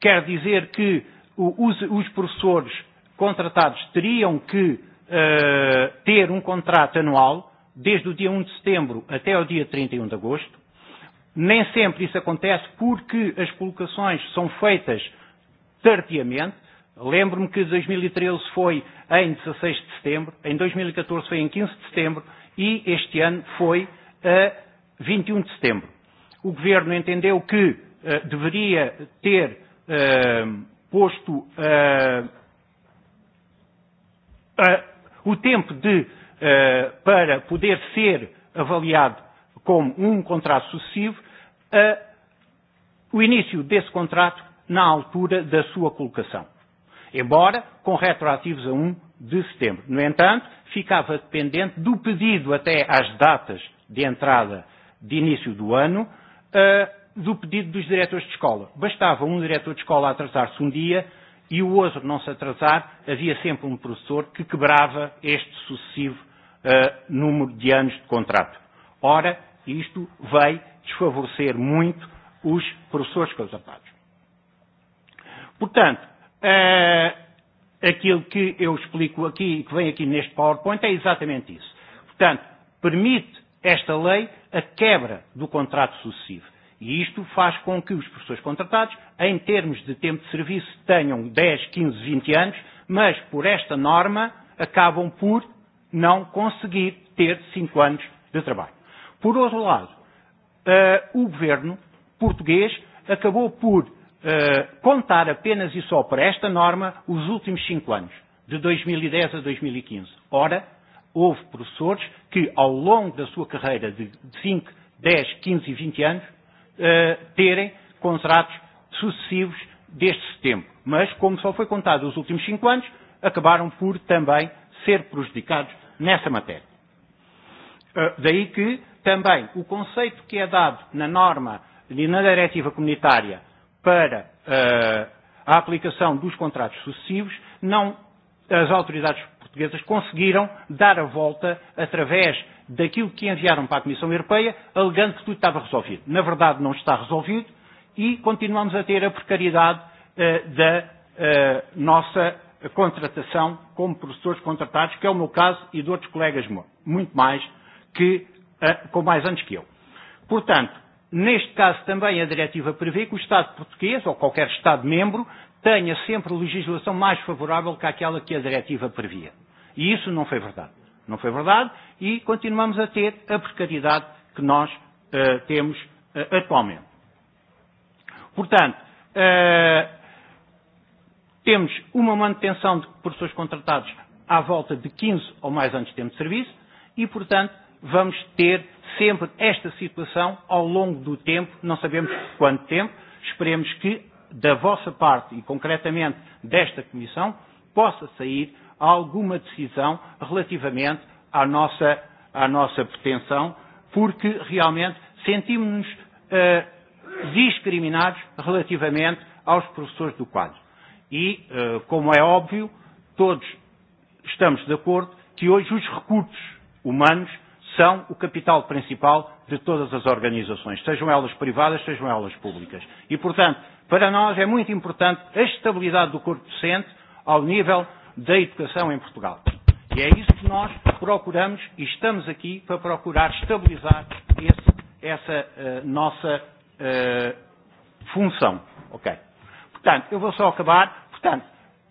Speaker 7: quer dizer que os, os professores contratados teriam que uh, ter um contrato anual desde o dia 1 um de setembro até o dia 31 um de agosto. Nem sempre isso acontece porque as colocações são feitas tardiamente. Lembro-me que 2013 foi em 16 de setembro, em 2014 foi em 15 de setembro e este ano foi a 21 um de setembro. O Governo entendeu que uh, deveria ter uh, posto uh, uh, o tempo de, uh, para poder ser avaliado como um contrato sucessivo, uh, o início desse contrato na altura da sua colocação. Embora com retroativos a um de setembro. No entanto, ficava dependente do pedido até às datas de entrada de início do ano, uh, do pedido dos diretores de escola. Bastava um diretor de escola atrasar-se um dia e o outro não se atrasar, havia sempre um professor que quebrava este sucessivo uh, número de anos de contrato. Ora, isto veio desfavorecer muito os professores contratados. Portanto, uh, aquilo que eu explico aqui e que vem aqui neste PowerPoint é exatamente isso. Portanto, permite esta lei a quebra do contrato sucessivo. E isto faz com que os professores contratados, em termos de tempo de serviço, tenham 10, 15, 20 anos, mas por esta norma acabam por não conseguir ter 5 anos de trabalho. Por outro lado, uh, o governo português acabou por uh, contar apenas e só para esta norma os últimos cinco anos, de 2010 a 2015. Ora, houve professores que, ao longo da sua carreira de 5, 10, 15 e 20 anos, uh, terem contratos sucessivos deste tempo. Mas, como só foi contado os últimos cinco anos, acabaram por também ser prejudicados nessa matéria. Uh, daí que também o conceito que é dado na norma e na diretiva comunitária para uh, a aplicação dos contratos sucessivos, não, as autoridades portuguesas conseguiram dar a volta através daquilo que enviaram para a Comissão Europeia, alegando que tudo estava resolvido. Na verdade, não está resolvido e continuamos a ter a precariedade uh, da uh, nossa contratação como professores contratados, que é o meu caso e de outros colegas muito mais que, uh, com mais anos que eu. Portanto, Neste caso também a diretiva prevê que o Estado português, ou qualquer Estado-membro, tenha sempre legislação mais favorável que aquela que a diretiva previa. E isso não foi verdade. Não foi verdade e continuamos a ter a precariedade que nós uh, temos uh, atualmente. Portanto, uh, temos uma manutenção de professores contratados à volta de 15 ou mais anos de tempo de serviço e, portanto, vamos ter sempre esta situação ao longo do tempo, não sabemos quanto tempo, esperemos que da vossa parte e concretamente desta Comissão possa sair alguma decisão relativamente à nossa, à nossa pretensão, porque realmente sentimos-nos uh, discriminados relativamente aos professores do quadro. E, uh, como é óbvio, todos estamos de acordo que hoje os recursos humanos são o capital principal de todas as organizações, sejam elas privadas, sejam elas públicas. E, portanto, para nós é muito importante a estabilidade do corpo docente ao nível da educação em Portugal. E é isso que nós procuramos e estamos aqui para procurar estabilizar esse, essa uh, nossa uh, função. Ok. Portanto, eu vou só acabar. Portanto, uh,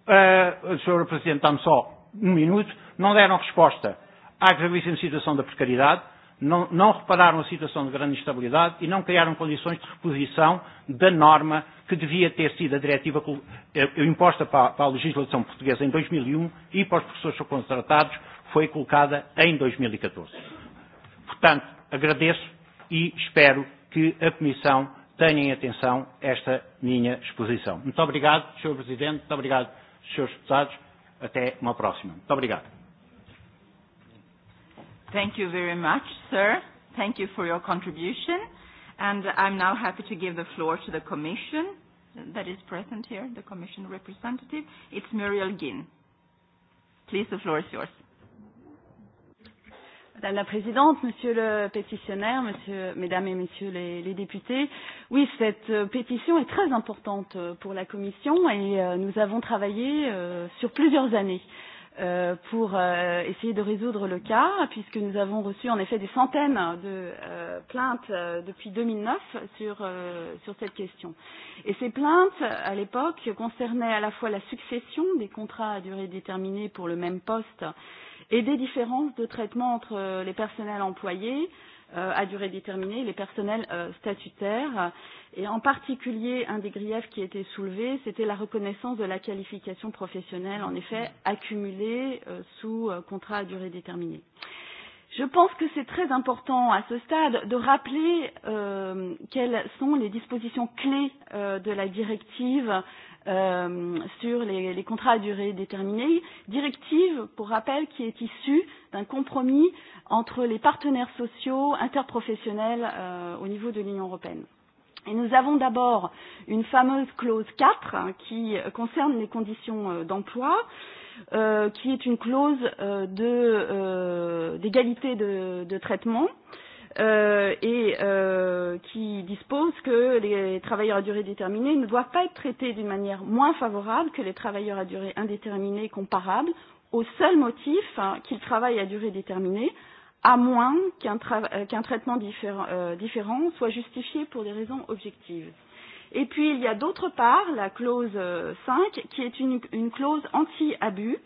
Speaker 7: eh, Sr. Presidente, dá-me só um minuto. Não deram resposta há gravíssimas situação da precariedade, não, não repararam a situação de grande instabilidade e não criaram condições de reposição da norma que devia ter sido a diretiva eh, eh, imposta para a, para a legislação portuguesa em 2001 um e para os professores contratados, foi colocada em 2014. Portanto, agradeço e espero que a Comissão tenha em atenção esta minha exposição. Muito obrigado, Sr. Presidente, muito obrigado, Srs. Deputados. Até uma próxima. Muito obrigado.
Speaker 8: Thank you very much, sir. Thank you for your contribution. And I'm now happy to give the floor to the Commission that is present here,
Speaker 9: the Commission representative. It's Muriel Ginn. Please, the floor is yours. Madame la Présidente, Monsieur le pétitionnaire, monsieur, Mesdames et Messieurs les, les députés, oui, cette euh, pétition est très importante euh, pour la Commission et euh, nous avons travaillé sur plusieurs années Euh, pour euh, essayer de résoudre le cas, puisque nous avons reçu en effet des centaines de euh, plaintes euh, depuis 2009 sur, euh, sur cette question. Et ces plaintes, à l'époque, concernaient à la fois la succession des contrats à durée déterminée pour le même poste et des différences de traitement entre les personnels employés euh, à durée déterminée et les personnels euh, statutaires. Euh, Et en particulier, un des griefs qui était soulevé, c'était la reconnaissance de la qualification professionnelle, en effet, accumulée euh, sous euh, contrat à durée déterminée. Je pense que c'est très important à ce stade de rappeler euh, quelles sont les dispositions clés euh, de la directive euh, sur les, les contrats à durée déterminée. Directive, pour rappel, qui est issue d'un compromis entre les partenaires sociaux interprofessionnels euh, au niveau de l'Union européenne. Euh, Et nous avons d'abord une fameuse clause 4 hein, qui concerne les conditions euh, d'emploi, euh, qui est une clause euh, d'égalité de, euh, de, de traitement. Euh, et euh, qui dispose que les travailleurs à durée déterminée ne doivent pas être traités d'une manière moins favorable que les travailleurs à durée indéterminée comparables au seul motif hein, qu'ils travaillent à durée déterminée à moins qu'un tra euh, qu traitement différ euh, différent soit justifié pour des raisons objectives. Et puis, il y a d'autre part la clause 5, euh, qui est une, une clause anti-abus,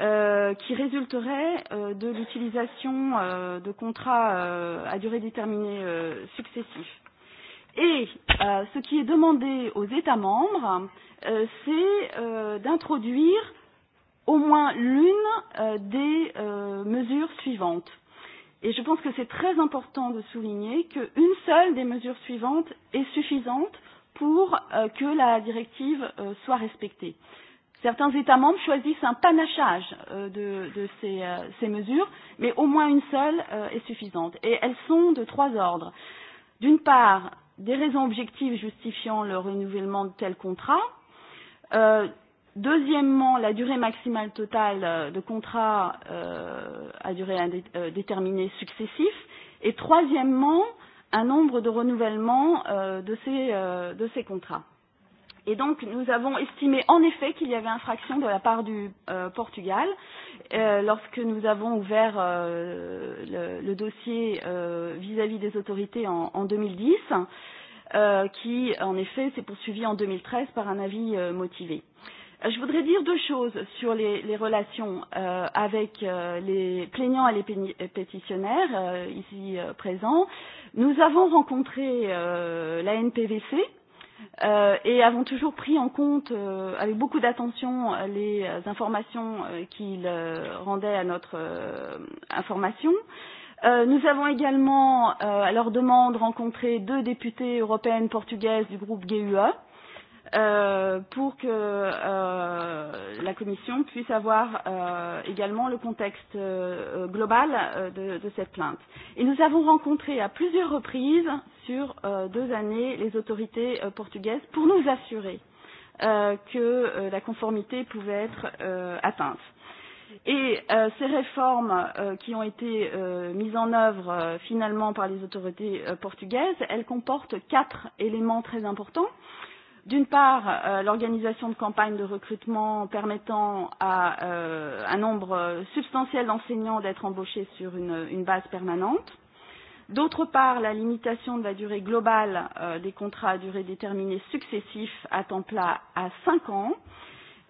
Speaker 9: euh, qui résulterait euh, de l'utilisation euh, de contrats euh, à durée déterminée euh, successifs. Et euh, ce qui est demandé aux États membres, euh, c'est euh, d'introduire au moins l'une euh, des euh, mesures suivantes. Et je pense que c'est très important de souligner qu'une seule des mesures suivantes est suffisante pour euh, que la directive euh, soit respectée. Certains États membres choisissent un panachage euh, de, de ces, euh, ces mesures, mais au moins une seule euh, est suffisante. Et elles sont de trois ordres. D'une part, des raisons objectives justifiant le renouvellement de tel contrat. Euh, Deuxièmement, la durée maximale totale euh, de contrat euh, à durée euh, déterminée successif. Et troisièmement, un nombre de renouvellements euh, de, ces, euh, de ces contrats. Et donc, nous avons estimé en effet qu'il y avait infraction de la part du euh, Portugal euh, lorsque nous avons ouvert euh, le, le dossier euh, vis-à-vis euh, -vis des autorités en, en 2010, euh, qui en effet s'est poursuivi en 2013 par un avis euh, motivé. Euh, Euh, je voudrais dire deux choses sur les, les relations euh, avec euh, les plaignants et les euh, pétitionnaires euh, ici euh, présents. Nous avons rencontré euh, la NPVC euh, et avons toujours pris en compte euh, avec beaucoup d'attention les euh, informations euh, qu'ils euh, rendaient à notre euh, information. Euh, nous avons également, euh, à leur demande, rencontré deux députés européennes portugaises du groupe GUE. Euh, Euh, pour que euh, la Commission puisse avoir euh, également le contexte euh, global euh, de, de cette plainte. Et nous avons rencontré à plusieurs reprises sur euh, deux années les autorités euh, portugaises pour nous assurer euh, que euh, la conformité pouvait être euh, atteinte. Et euh, ces réformes euh, qui ont été euh, mises en œuvre euh, finalement par les autorités euh, portugaises, elles comportent quatre éléments très importants. Euh, D'une part, euh, l'organisation de campagnes de recrutement permettant à euh, un nombre substantiel d'enseignants d'être embauchés sur une, une base permanente. D'autre part, la limitation de la durée globale euh, des contrats à durée déterminée successifs à temps plat à 5 ans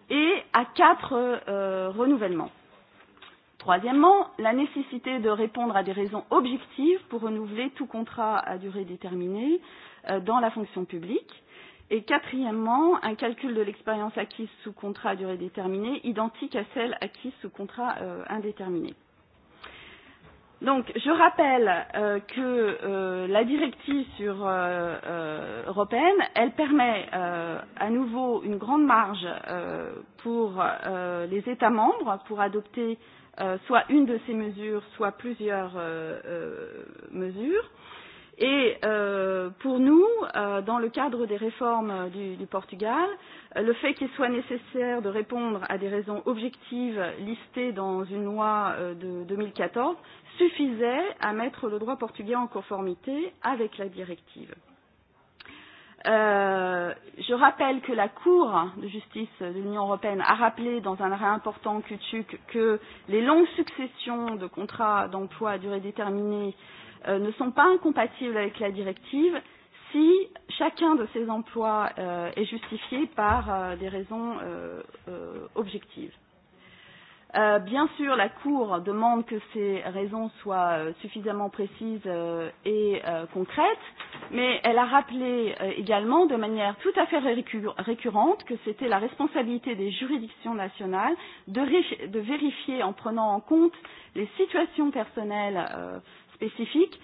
Speaker 9: et à 4 euh, renouvellements. Troisièmement, la nécessité de répondre à des raisons objectives pour renouveler tout contrat à durée déterminée euh, dans la fonction publique Et quatrièmement, un calcul de l'expérience acquise sous contrat à durée déterminée, identique à celle acquise sous contrat euh, indéterminé. Donc, je rappelle euh, que euh, la directive sur, euh, euh, européenne, elle permet euh, à nouveau une grande marge euh, pour euh, les États membres pour adopter euh, soit une de ces mesures, soit plusieurs euh, euh, mesures. Et euh, pour nous, euh, dans le cadre des réformes euh, du, du Portugal, euh, le fait qu'il soit nécessaire de répondre à des raisons objectives listées dans une loi euh, de 2014 suffisait à mettre le droit portugais en conformité avec la directive. Euh, je rappelle que la Cour de justice de l'Union européenne a rappelé dans un arrêt important que les longues successions de contrats d'emploi à durée déterminée euh, euh, ne sont pas incompatibles avec la directive si chacun de ces emplois euh, est justifié par euh, des raisons euh, euh, objectives. Euh, bien sûr, la Cour demande que ces raisons soient euh, suffisamment précises euh, et euh, concrètes, mais elle a rappelé euh, également de manière tout à fait récurrente que c'était la responsabilité des juridictions nationales de, de vérifier en prenant en compte les situations personnelles euh, spécifiques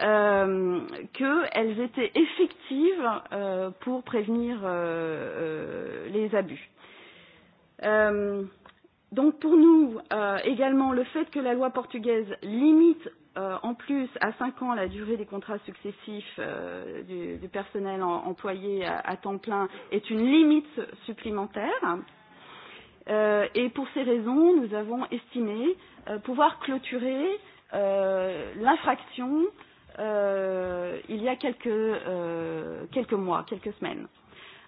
Speaker 9: euh, qu'elles étaient effectives euh, pour prévenir euh, euh, les abus. Euh, donc pour nous euh, également le fait que la loi portugaise limite euh, en plus à cinq ans la durée des contrats successifs euh, du, du personnel en, employé à, à temps plein est une limite supplémentaire. Euh, et pour ces raisons, nous avons estimé euh, pouvoir clôturer euh, euh, l'infraction euh, il y a quelques, euh, quelques mois, quelques semaines.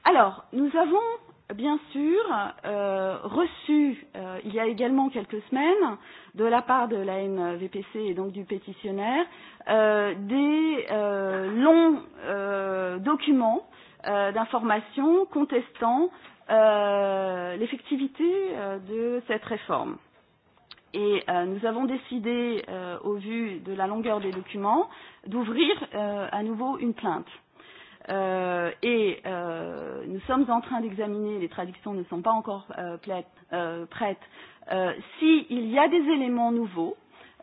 Speaker 9: Alors, nous avons bien sûr euh, reçu, euh, il y a également quelques semaines, de la part de la NVPC et donc du pétitionnaire, euh, des euh, longs euh, documents euh, d'information contestant euh, l'effectivité euh, de cette réforme. Et euh, nous avons décidé, euh, au vu de la longueur des documents, d'ouvrir euh, à nouveau une plainte. Euh, et euh, nous sommes en train d'examiner, les traductions ne sont pas encore euh, plaît, euh, prêtes, euh, s'il si y a des éléments nouveaux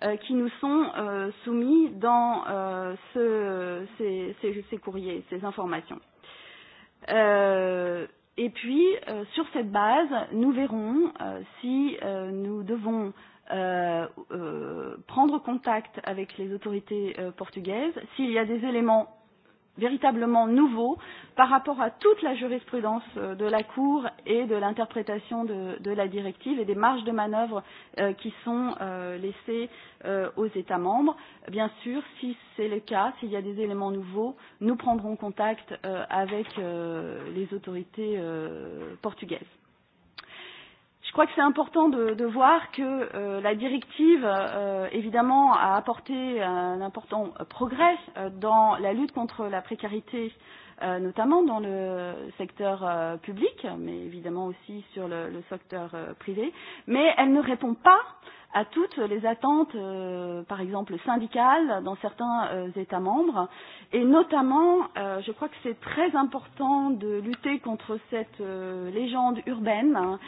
Speaker 9: euh, qui nous sont euh, soumis dans euh, ce, ces, ces, ces courriers, ces informations. Euh, et puis, euh, sur cette base, nous verrons euh, si euh, nous devons euh, Euh, euh, prendre contact avec les autorités euh, portugaises s'il y a des éléments véritablement nouveau par rapport à toute la jurisprudence euh, de la Cour et de l'interprétation de, de la directive et des marges de manœuvre euh, qui sont euh, laissées euh, aux États membres. Bien sûr, si c'est le cas, s'il y a des éléments nouveaux, nous prendrons contact euh, avec euh, les autorités euh, portugaises crois que c'est important de, de voir que euh, la directive, euh, évidemment, a apporté un important euh, progrès euh, dans la lutte contre la précarité, euh, notamment dans le secteur euh, public, mais évidemment aussi sur le, le secteur euh, privé. Mais elle ne répond pas à toutes les attentes, euh, par exemple syndicales, dans certains euh, États membres. Et notamment, euh, je crois que c'est très important de lutter contre cette euh, légende urbaine. Hein,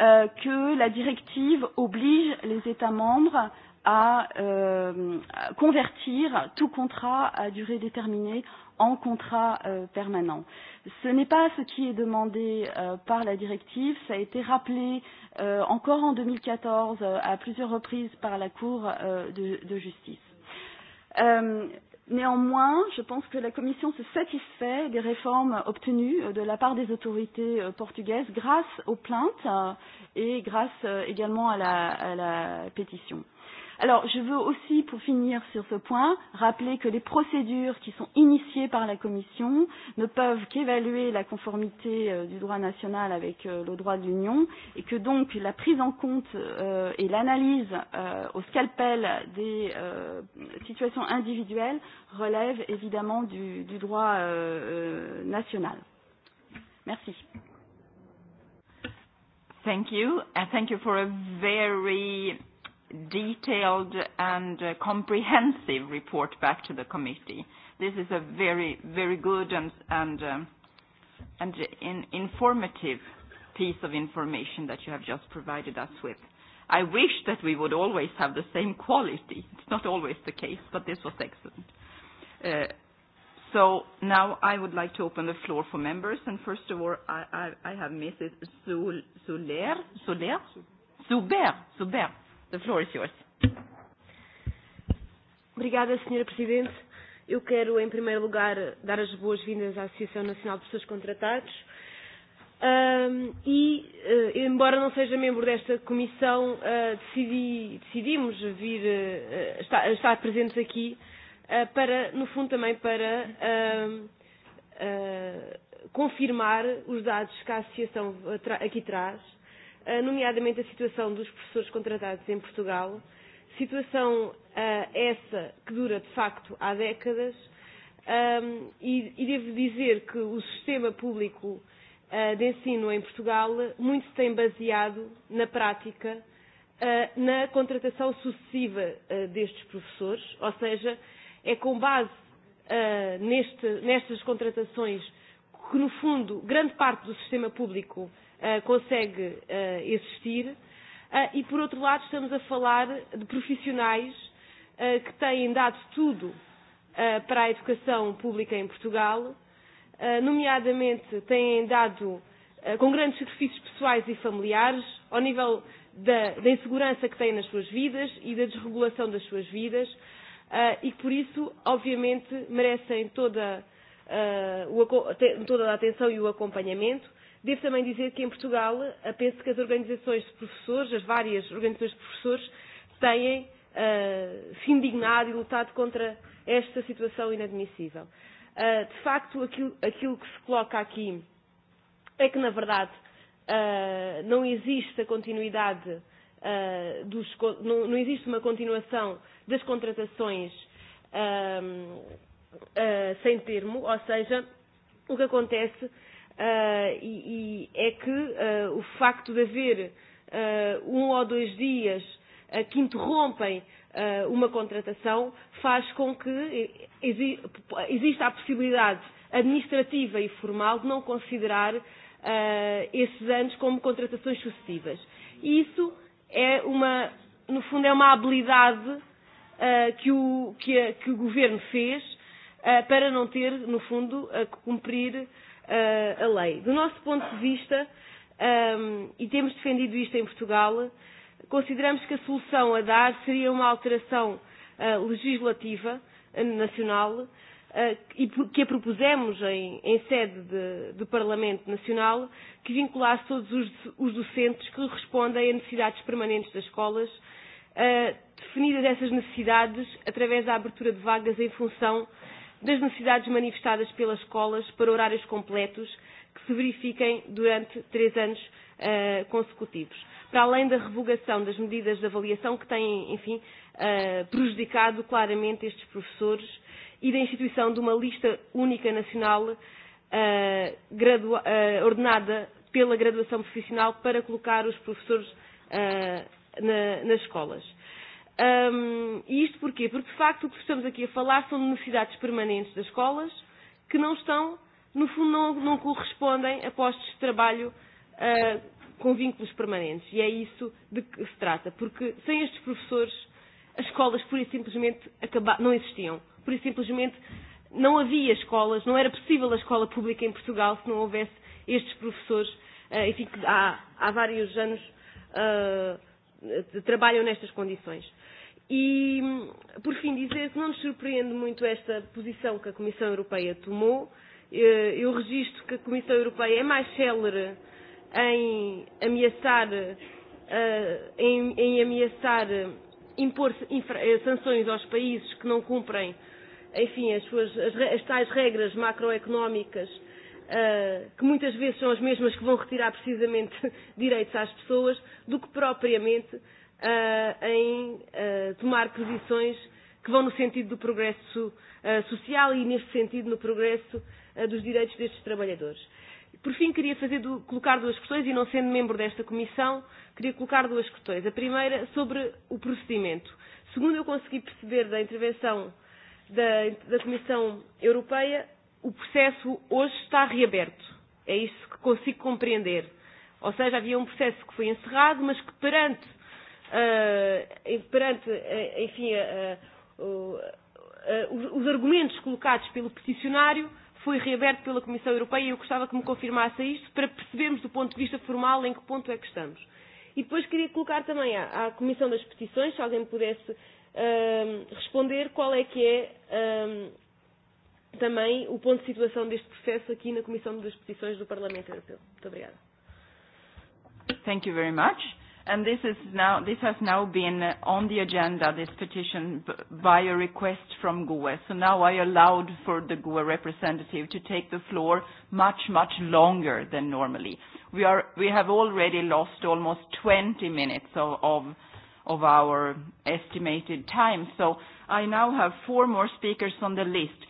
Speaker 9: Euh, que la directive oblige les États membres à euh, convertir tout contrat à durée déterminée en contrat euh, permanent. Ce n'est pas ce qui est demandé euh, par la directive, ça a été rappelé euh, encore en 2014 euh, à plusieurs reprises par la Cour euh, de, de justice. Euh, Néanmoins, je pense que la Commission se satisfait des réformes obtenues euh, de la part des autorités euh, portugaises grâce aux plaintes euh, et grâce également à la, à la pétition. Alors, je veux aussi, pour finir sur ce point, rappeler que les procédures qui sont initiées par la Commission ne peuvent qu'évaluer la conformité euh, du droit national avec euh, le droit de l'Union et que donc la prise en compte euh, et l'analyse euh, au scalpel des euh, situations individuelles relève évidemment du, du droit euh, euh, national. Merci. Thank you, and thank you for a very
Speaker 8: detailed and uh, comprehensive report back to the committee. This is a very, very good and, and, um, and in, informative piece of information that you have just provided us with. I wish that we would always have the same quality. It's not always the case, but this was excellent. Uh, so now I would like to open the floor for members, and first of all, I, I, I have Mrs. Soler, Soler, Soler, Soubert, Soubert. The floor is yours.
Speaker 10: Obrigada, Sra. Presidente. Eu quero, em primeiro lugar, dar as boas-vindas à Associação Nacional de Pessoas Contratadas. Um, e, uh, embora não seja membro desta comissão, uh, decidi, decidimos vir uh, estar, estar presentes aqui uh, para, no fundo, também para uh, uh, confirmar os dados que a Associação aqui traz Eh, nomeadamente a situação dos professores contratados em Portugal, situação uh, essa que dura de facto há décadas, um, e, e devo dizer que o sistema público uh, de ensino em Portugal muito se tem baseado na prática, uh, na contratação sucessiva uh, destes professores, ou seja, é com base uh, neste, nestas contratações que, no fundo, grande parte do sistema público uh, Eh, consegue uh, existir. Uh, e, por outro lado, estamos a falar de profissionais uh, que têm dado tudo uh, para a educação pública em Portugal, uh, nomeadamente têm dado, uh, com grandes sacrifícios pessoais e familiares, ao nível da, da insegurança que têm nas suas vidas e da desregulação das suas vidas, uh, e que por isso, obviamente, merecem toda, uh, o, toda a atenção e o acompanhamento Devo também dizer que em Portugal a penso que as organizações de professores, as várias organizações de professores, têm uh, se indignado e lutado contra esta situação inadmissível. Uh, de facto, aquilo, aquilo que se coloca aqui é que, na verdade, uh, não existe a continuidade, uh, dos, não, não existe uma continuação das contratações uh, uh, sem termo, ou seja, o que acontece uh, e, e é que uh, o facto de haver uh, um ou dois dias uh, que interrompem uh, uma contratação faz com que exi exista a possibilidade administrativa e formal de não considerar uh, esses anos como contratações sucessivas. E isso é uma, no fundo, é uma habilidade uh, que, o, que, a, que o governo fez uh, para não ter, no fundo, a cumprir uh, uh, a lei. Do nosso ponto de vista, um, e temos defendido isto em Portugal, consideramos que a solução a dar seria uma alteração uh, legislativa uh, nacional uh, e que a propusemos em, em sede de, do Parlamento Nacional que vinculasse todos os, os docentes que respondem a necessidades permanentes das escolas, uh, definidas essas necessidades através da abertura de vagas em função uh, das necessidades manifestadas pelas escolas para horários completos que se verifiquem durante três anos uh, consecutivos. Para além da revogação das medidas de avaliação que têm, enfim, uh, prejudicado claramente estes professores e da instituição de uma lista única nacional uh, eh, gradua, uh, ordenada pela graduação profissional para colocar os professores uh, na, nas escolas. Um, e isto porquê? Porque, de facto, o que estamos aqui a falar são necessidades permanentes das escolas que não estão, no fundo, não, não correspondem a postos de trabalho uh, com vínculos permanentes. E é isso de que se trata. Porque, sem estes professores, as escolas, pura e simplesmente, acaba... não existiam. Pura e simplesmente, não havia escolas, não era possível a escola pública em Portugal se não houvesse estes professores. Uh, enfim, há, há vários anos... Uh, trabalham nestas condições. E, por fim, dizer que não nos surpreende muito esta posição que a Comissão Europeia tomou. Eu registro que a Comissão Europeia é mais célere em ameaçar, eh, em, em ameaçar impor eh, sanções aos países que não cumprem, enfim, as, suas, as, as tais regras macroeconómicas, uh, que muitas vezes são as mesmas que vão retirar precisamente direitos às pessoas, do que propriamente uh, uh, em uh, tomar posições que vão no sentido do progresso uh, social e, neste sentido, no progresso uh, dos direitos destes trabalhadores. Por fim, queria fazer do, colocar duas questões, e não sendo membro desta comissão, queria colocar duas questões. A primeira, sobre o procedimento. Segundo eu consegui perceber da intervenção da, da Comissão Europeia, o processo hoje está reaberto. É isso que consigo compreender. Ou seja, havia um processo que foi encerrado, mas que perante uh, perante, uh, enfim, uh, uh, uh, os argumentos colocados pelo peticionário foi reaberto pela Comissão Europeia e eu gostava que me confirmasse isto para percebermos do ponto de vista formal em que ponto é que estamos. E depois queria colocar também à, à Comissão das Petições, se alguém pudesse uh, responder qual é que é uh, também o ponto de situação deste processo aqui na Comissão das Petições do Parlamento Europeu. Muito obrigada.
Speaker 8: Thank you very much and this is now this has now been uh, on the agenda this petition by a request from GUE so now I allowed for the GUE representative to take the floor much much longer than normally we are we have already lost almost 20 minutes of of, of our estimated time so I now have four more speakers on the list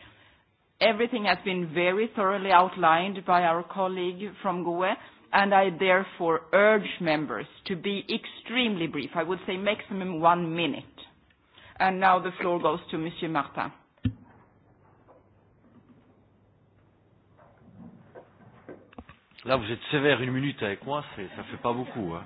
Speaker 8: everything has been very thoroughly outlined by our colleague from GUE and I therefore urge members to be extremely brief. I would say maximum one minute. And now the floor goes to Monsieur Martin.
Speaker 11: Là, vous êtes sévère une minute avec moi, ça fait pas beaucoup. Hein.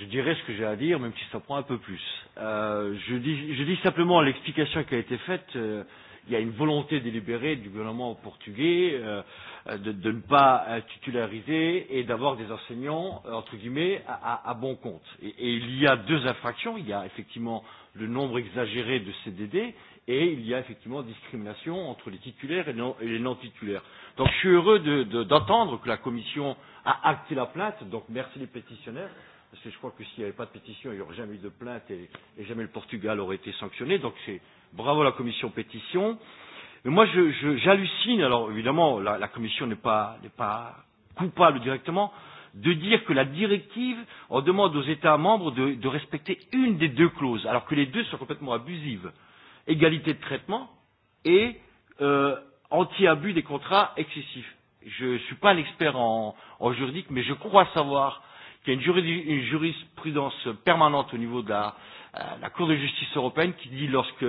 Speaker 11: Je dirai ce que j'ai à dire, même si ça prend un peu plus. Euh, je, dis, je dis simplement l'explication qui a été faite. Euh, il y a une volonté délibérée du gouvernement portugais euh, de, de ne pas euh, titulariser et d'avoir des enseignants, euh, entre guillemets, à, à, à bon compte. Et, et il y a deux infractions. Il y a effectivement le nombre exagéré de CDD et il y a effectivement discrimination entre les titulaires et, non, et les non-titulaires. Donc je suis heureux d'entendre de, de, que la Commission a acté la plainte. Donc merci les pétitionnaires parce que je crois que s'il n'y avait pas de pétition, il n'y aurait jamais eu de plainte et, et jamais le Portugal aurait été sanctionné. Donc Bravo à la commission pétition. Mais moi, j'hallucine. Alors, évidemment, la, la commission n'est pas, pas coupable directement de dire que la directive en demande aux États membres de, de respecter une des deux clauses, alors que les deux sont complètement abusives. Égalité de traitement et euh, anti-abus des contrats excessifs. Je ne suis pas l'expert en, en juridique, mais je crois savoir qu'il y a une, juridi, une jurisprudence permanente au niveau de la, euh, Euh, la Cour de justice européenne qui dit lorsque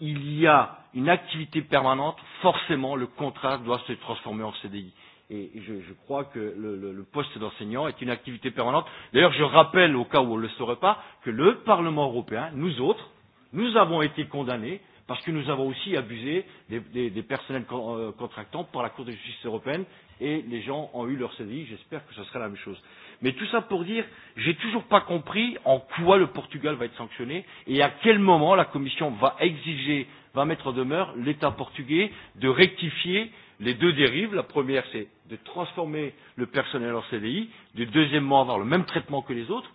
Speaker 11: il y a une activité permanente, forcément le contrat doit se transformer en CDI. Et je, je crois que le, le, le poste d'enseignant est une activité permanente. D'ailleurs, je rappelle, au cas où on ne le saurait pas, que le Parlement européen, nous autres, nous avons été condamnés parce que nous avons aussi abusé des, des, des personnels euh, contractants par la Cour de justice européenne et les gens ont eu leur CDI. J'espère que ce sera la même chose. Mais tout ça pour dire, j'ai toujours pas compris en quoi le Portugal va être sanctionné et à quel moment la Commission va exiger, va mettre en demeure l'État portugais de rectifier les deux dérives. La première, c'est de transformer le personnel en CDI, de deuxièmement avoir le même traitement que les autres,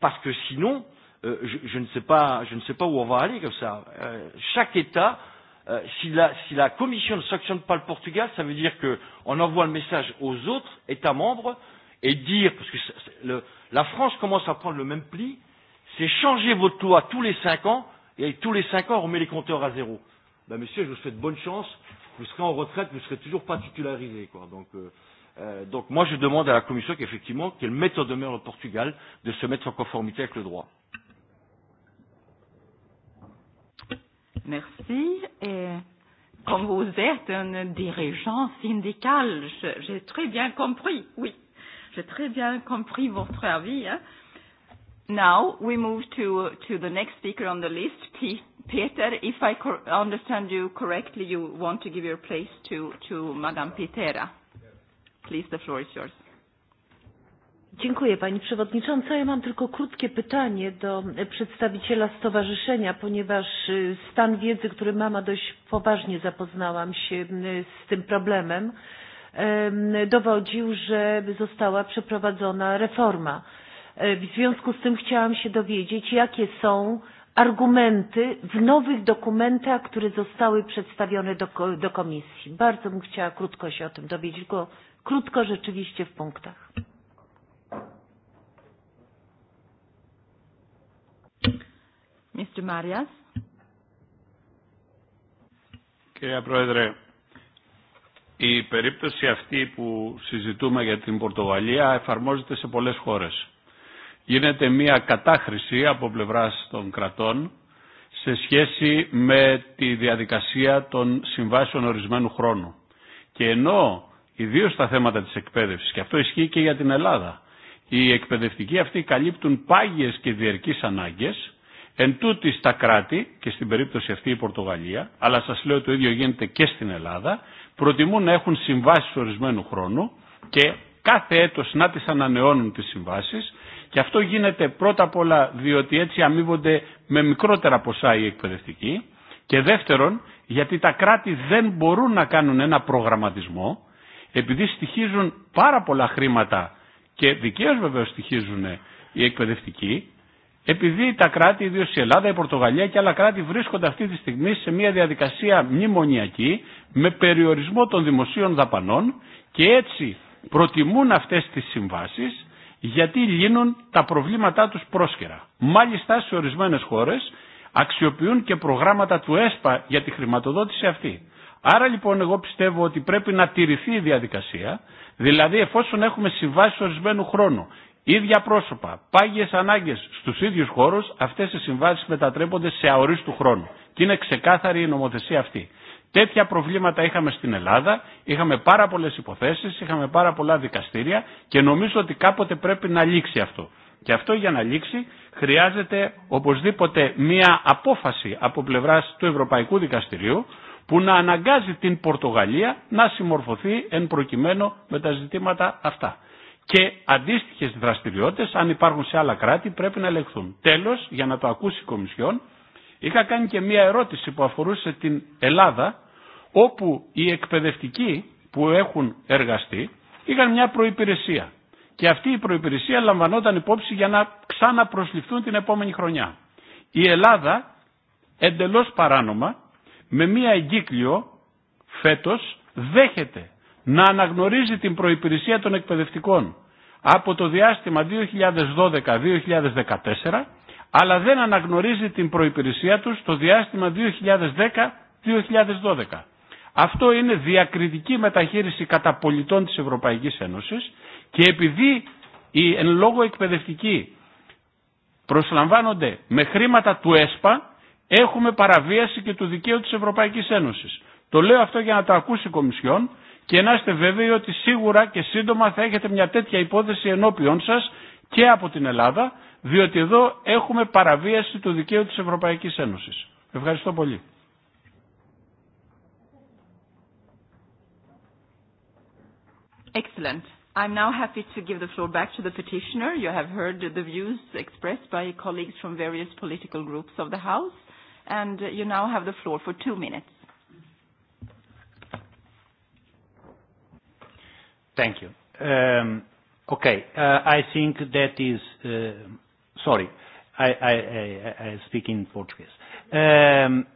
Speaker 11: parce que sinon, euh, je, je, ne sais pas, je ne sais pas où on va aller comme ça. Euh, chaque État euh, si la, si la Commission ne sanctionne pas le Portugal, ça veut dire qu'on envoie le message aux autres États membres et dire, parce que le, la France commence à prendre le même pli, c'est changer votre loi tous les cinq ans, et tous les cinq ans, on remet les compteurs à zéro. Ben, monsieur, je vous souhaite bonne chance, vous serez en retraite, vous ne serez toujours pas titularisé. Quoi. Donc, euh, euh, donc moi, je demande à la Commission qu'effectivement, qu'elle mette en demeure le Portugal de se mettre en conformité avec le droit.
Speaker 8: Merci. Et comme vous êtes un dirigeant syndical, j'ai très bien compris, oui. J'ai très bien compris votre avis. Hein. Now we move to, to the next speaker on the list, P Peter. If I cor understand you correctly, you want to give your place to, to Madame Pitera. Please, the floor is yours.
Speaker 2: Dziękuję Pani Przewodnicząca. Ja mam tylko krótkie pytanie do przedstawiciela stowarzyszenia, ponieważ stan wiedzy, który mam, a dość poważnie zapoznałam się z tym problemem dowodził, że została przeprowadzona reforma. W związku z tym chciałam się dowiedzieć, jakie są argumenty w nowych dokumentach, które zostały przedstawione do, do komisji. Bardzo bym chciała krótko się o tym dowiedzieć, tylko krótko rzeczywiście w punktach.
Speaker 8: Mr. Marias.
Speaker 4: Κυρία Πρόεδρε, Η περίπτωση αυτή που συζητούμε για την Πορτογαλία εφαρμόζεται σε πολλές χώρες. Γίνεται μια κατάχρηση από πλευράς των κρατών σε σχέση με τη διαδικασία των συμβάσεων ορισμένου χρόνου. Και ενώ ιδίως στα θέματα της εκπαίδευσης, και αυτό ισχύει και για την Ελλάδα, οι εκπαιδευτικοί αυτοί καλύπτουν πάγιες και διαρκείς ανάγκες, εν τούτη στα κράτη, και στην περίπτωση αυτή η Πορτογαλία, αλλά σας λέω το ίδιο γίνεται και στην Ελλάδα, προτιμούν να έχουν συμβάσεις ορισμένου χρόνου και κάθε έτος να τις ανανεώνουν τις συμβάσεις και αυτό γίνεται πρώτα απ' όλα διότι έτσι αμείβονται με μικρότερα ποσά οι εκπαιδευτικοί και δεύτερον γιατί τα κράτη δεν μπορούν να κάνουν ένα προγραμματισμό επειδή στοιχίζουν πάρα πολλά χρήματα και δικαίως βεβαίως στοιχίζουν οι εκπαιδευτικοί επειδή τα κράτη, ιδίω η Ελλάδα, η Πορτογαλία και άλλα κράτη βρίσκονται αυτή τη στιγμή σε μια διαδικασία μνημονιακή με περιορισμό των δημοσίων δαπανών και έτσι προτιμούν αυτές τις συμβάσεις γιατί λύνουν τα προβλήματά τους πρόσχερα. Μάλιστα σε ορισμένες χώρες αξιοποιούν και προγράμματα του ΕΣΠΑ για τη χρηματοδότηση αυτή. Άρα λοιπόν εγώ πιστεύω ότι πρέπει να τηρηθεί η διαδικασία, δηλαδή εφόσον έχουμε συμβάσει ορισμένου χρόνου ίδια πρόσωπα, πάγιε ανάγκε στου ίδιου χώρου, αυτέ οι συμβάσει μετατρέπονται σε αορίστου χρόνου. Και είναι ξεκάθαρη η νομοθεσία αυτή. Τέτοια προβλήματα είχαμε στην Ελλάδα, είχαμε πάρα πολλέ υποθέσει, είχαμε πάρα πολλά δικαστήρια και νομίζω ότι κάποτε πρέπει να λήξει αυτό. Και αυτό για να λήξει χρειάζεται οπωσδήποτε μία απόφαση από πλευρά του Ευρωπαϊκού Δικαστηρίου που να αναγκάζει την Πορτογαλία να συμμορφωθεί εν προκειμένου με τα ζητήματα αυτά και αντίστοιχε δραστηριότητε, αν υπάρχουν σε άλλα κράτη, πρέπει να ελεγχθούν. Τέλο, για να το ακούσει η Κομισιόν, είχα κάνει και μία ερώτηση που αφορούσε την Ελλάδα, όπου οι εκπαιδευτικοί που έχουν εργαστεί είχαν μια προπηρεσία. Και αυτή η προπηρεσία λαμβανόταν υπόψη για να ξαναπροσληφθούν την επόμενη χρονιά. Η Ελλάδα, εντελώ παράνομα, με μία εγκύκλιο φέτο δέχεται να αναγνωρίζει την προϋπηρεσία των εκπαιδευτικών από το διάστημα 2012-2014 αλλά δεν αναγνωρίζει την προϋπηρεσία τους το διάστημα 2010-2012. Αυτό είναι διακριτική μεταχείριση κατά πολιτών της Ευρωπαϊκής Ένωσης και επειδή οι εν λόγω εκπαιδευτικοί προσλαμβάνονται με χρήματα του ΕΣΠΑ έχουμε παραβίαση και του δικαίου της Ευρωπαϊκής Ένωσης. Το λέω αυτό για να το ακούσει η Κομισιόν και να είστε βέβαιοι ότι σίγουρα και σύντομα θα έχετε μια τέτοια υπόθεση ενώπιον σας και από την Ελλάδα, διότι εδώ έχουμε παραβίαση του δικαίου της Ευρωπαϊκής Ένωσης. Ευχαριστώ πολύ.
Speaker 8: Excellent. I'm now happy to give the floor back to the petitioner. You have heard the views expressed by colleagues from various political groups of the House, and you now have the floor for two minutes.
Speaker 7: Thank you. Um, okay. Uh, I think that is. Uh, sorry, I, I, I, I speak in Portuguese. Um,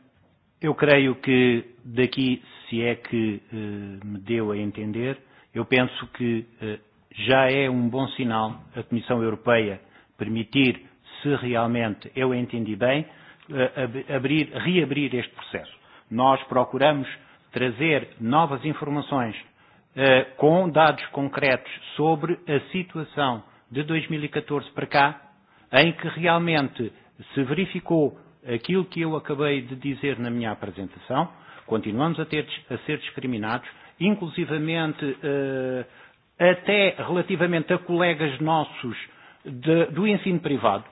Speaker 7: eu creio que daqui, se é que uh, me deu a entender, eu penso que uh, já é um bom sinal a Comissão Europeia permitir, se realmente eu entendi bem, uh, abrir, reabrir este processo. Nós procuramos trazer novas informações Eh, com dados concretos sobre a situação de 2014 para cá, em que realmente se verificou aquilo que eu acabei de dizer na minha apresentação, continuamos a, ter, a ser discriminados, inclusivamente eh, até relativamente a colegas nossos de, do ensino privado.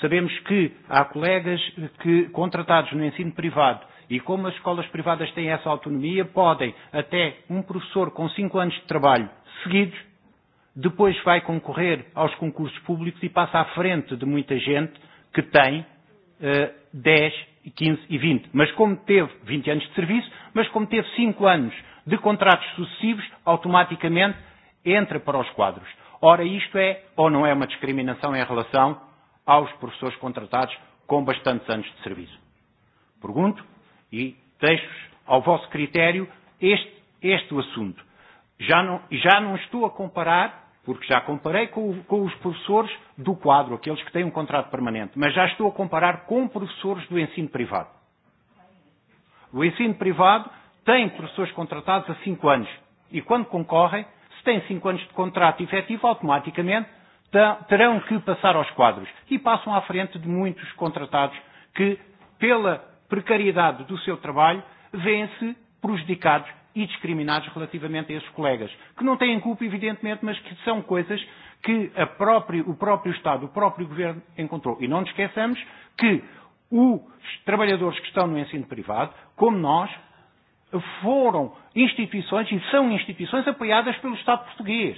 Speaker 7: Sabemos que há colegas que, contratados no ensino privado E como as escolas privadas têm essa autonomia, podem até um professor com cinco anos de trabalho seguidos, depois vai concorrer aos concursos públicos e passa à frente de muita gente que tem uh, 10, 15 e 20. Mas como teve 20 anos de serviço, mas como teve 5 anos de contratos sucessivos, automaticamente entra para os quadros. Ora, isto é ou não é uma discriminação em relação aos professores contratados com bastantes anos de serviço? Pergunto, e deixo ao vosso critério este, este assunto. Já não, já não estou a comparar, porque já comparei com, com os professores do quadro, aqueles que têm um contrato permanente, mas já estou a comparar com professores do ensino privado. O ensino privado tem professores contratados há 5 anos e quando concorrem, se têm 5 anos de contrato efetivo, automaticamente terão que passar aos quadros e passam à frente de muitos contratados que, pela precariedade do seu trabalho, vêem-se prejudicados e discriminados relativamente a esses colegas, que não têm culpa, evidentemente, mas que são coisas que a próprio, o próprio Estado, o próprio Governo encontrou. E não nos esqueçamos que os trabalhadores que estão no ensino privado, como nós, foram instituições e são instituições apoiadas pelo Estado português.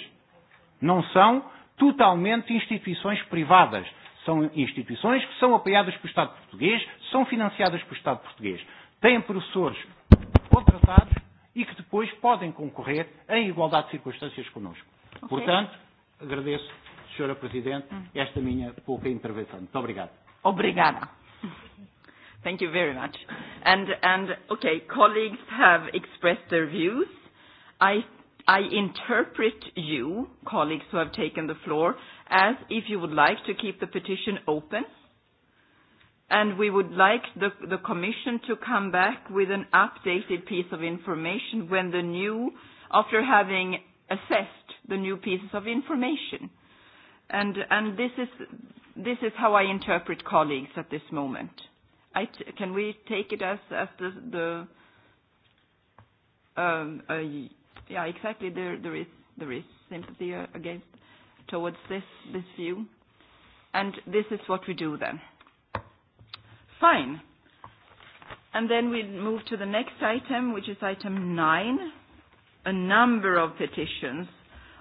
Speaker 7: Não são totalmente instituições privadas. São instituições que são apoiadas pelo Estado português, são financiadas pelo Estado português, têm professores contratados e que depois podem concorrer em igualdade de circunstâncias connosco. Okay. Portanto, agradeço, Sra. Presidente, esta minha pouca intervenção. Muito obrigado. Obrigada.
Speaker 8: Thank you very much. And, and okay, colleagues have expressed their views. I, I interpret you, colleagues who have taken the floor, as if you would like to keep the petition open, and we would like the, the Commission to come back with an updated piece of information when the new, after having assessed the new pieces of information. And, and this, is, this is how I interpret colleagues at this moment. I t can we take it as, as the, the um, uh, yeah, exactly, there, there, is, there is sympathy uh, against towards this, this view. And this is what we do then. Fine. And then we move to the next item, which is item nine, a number of petitions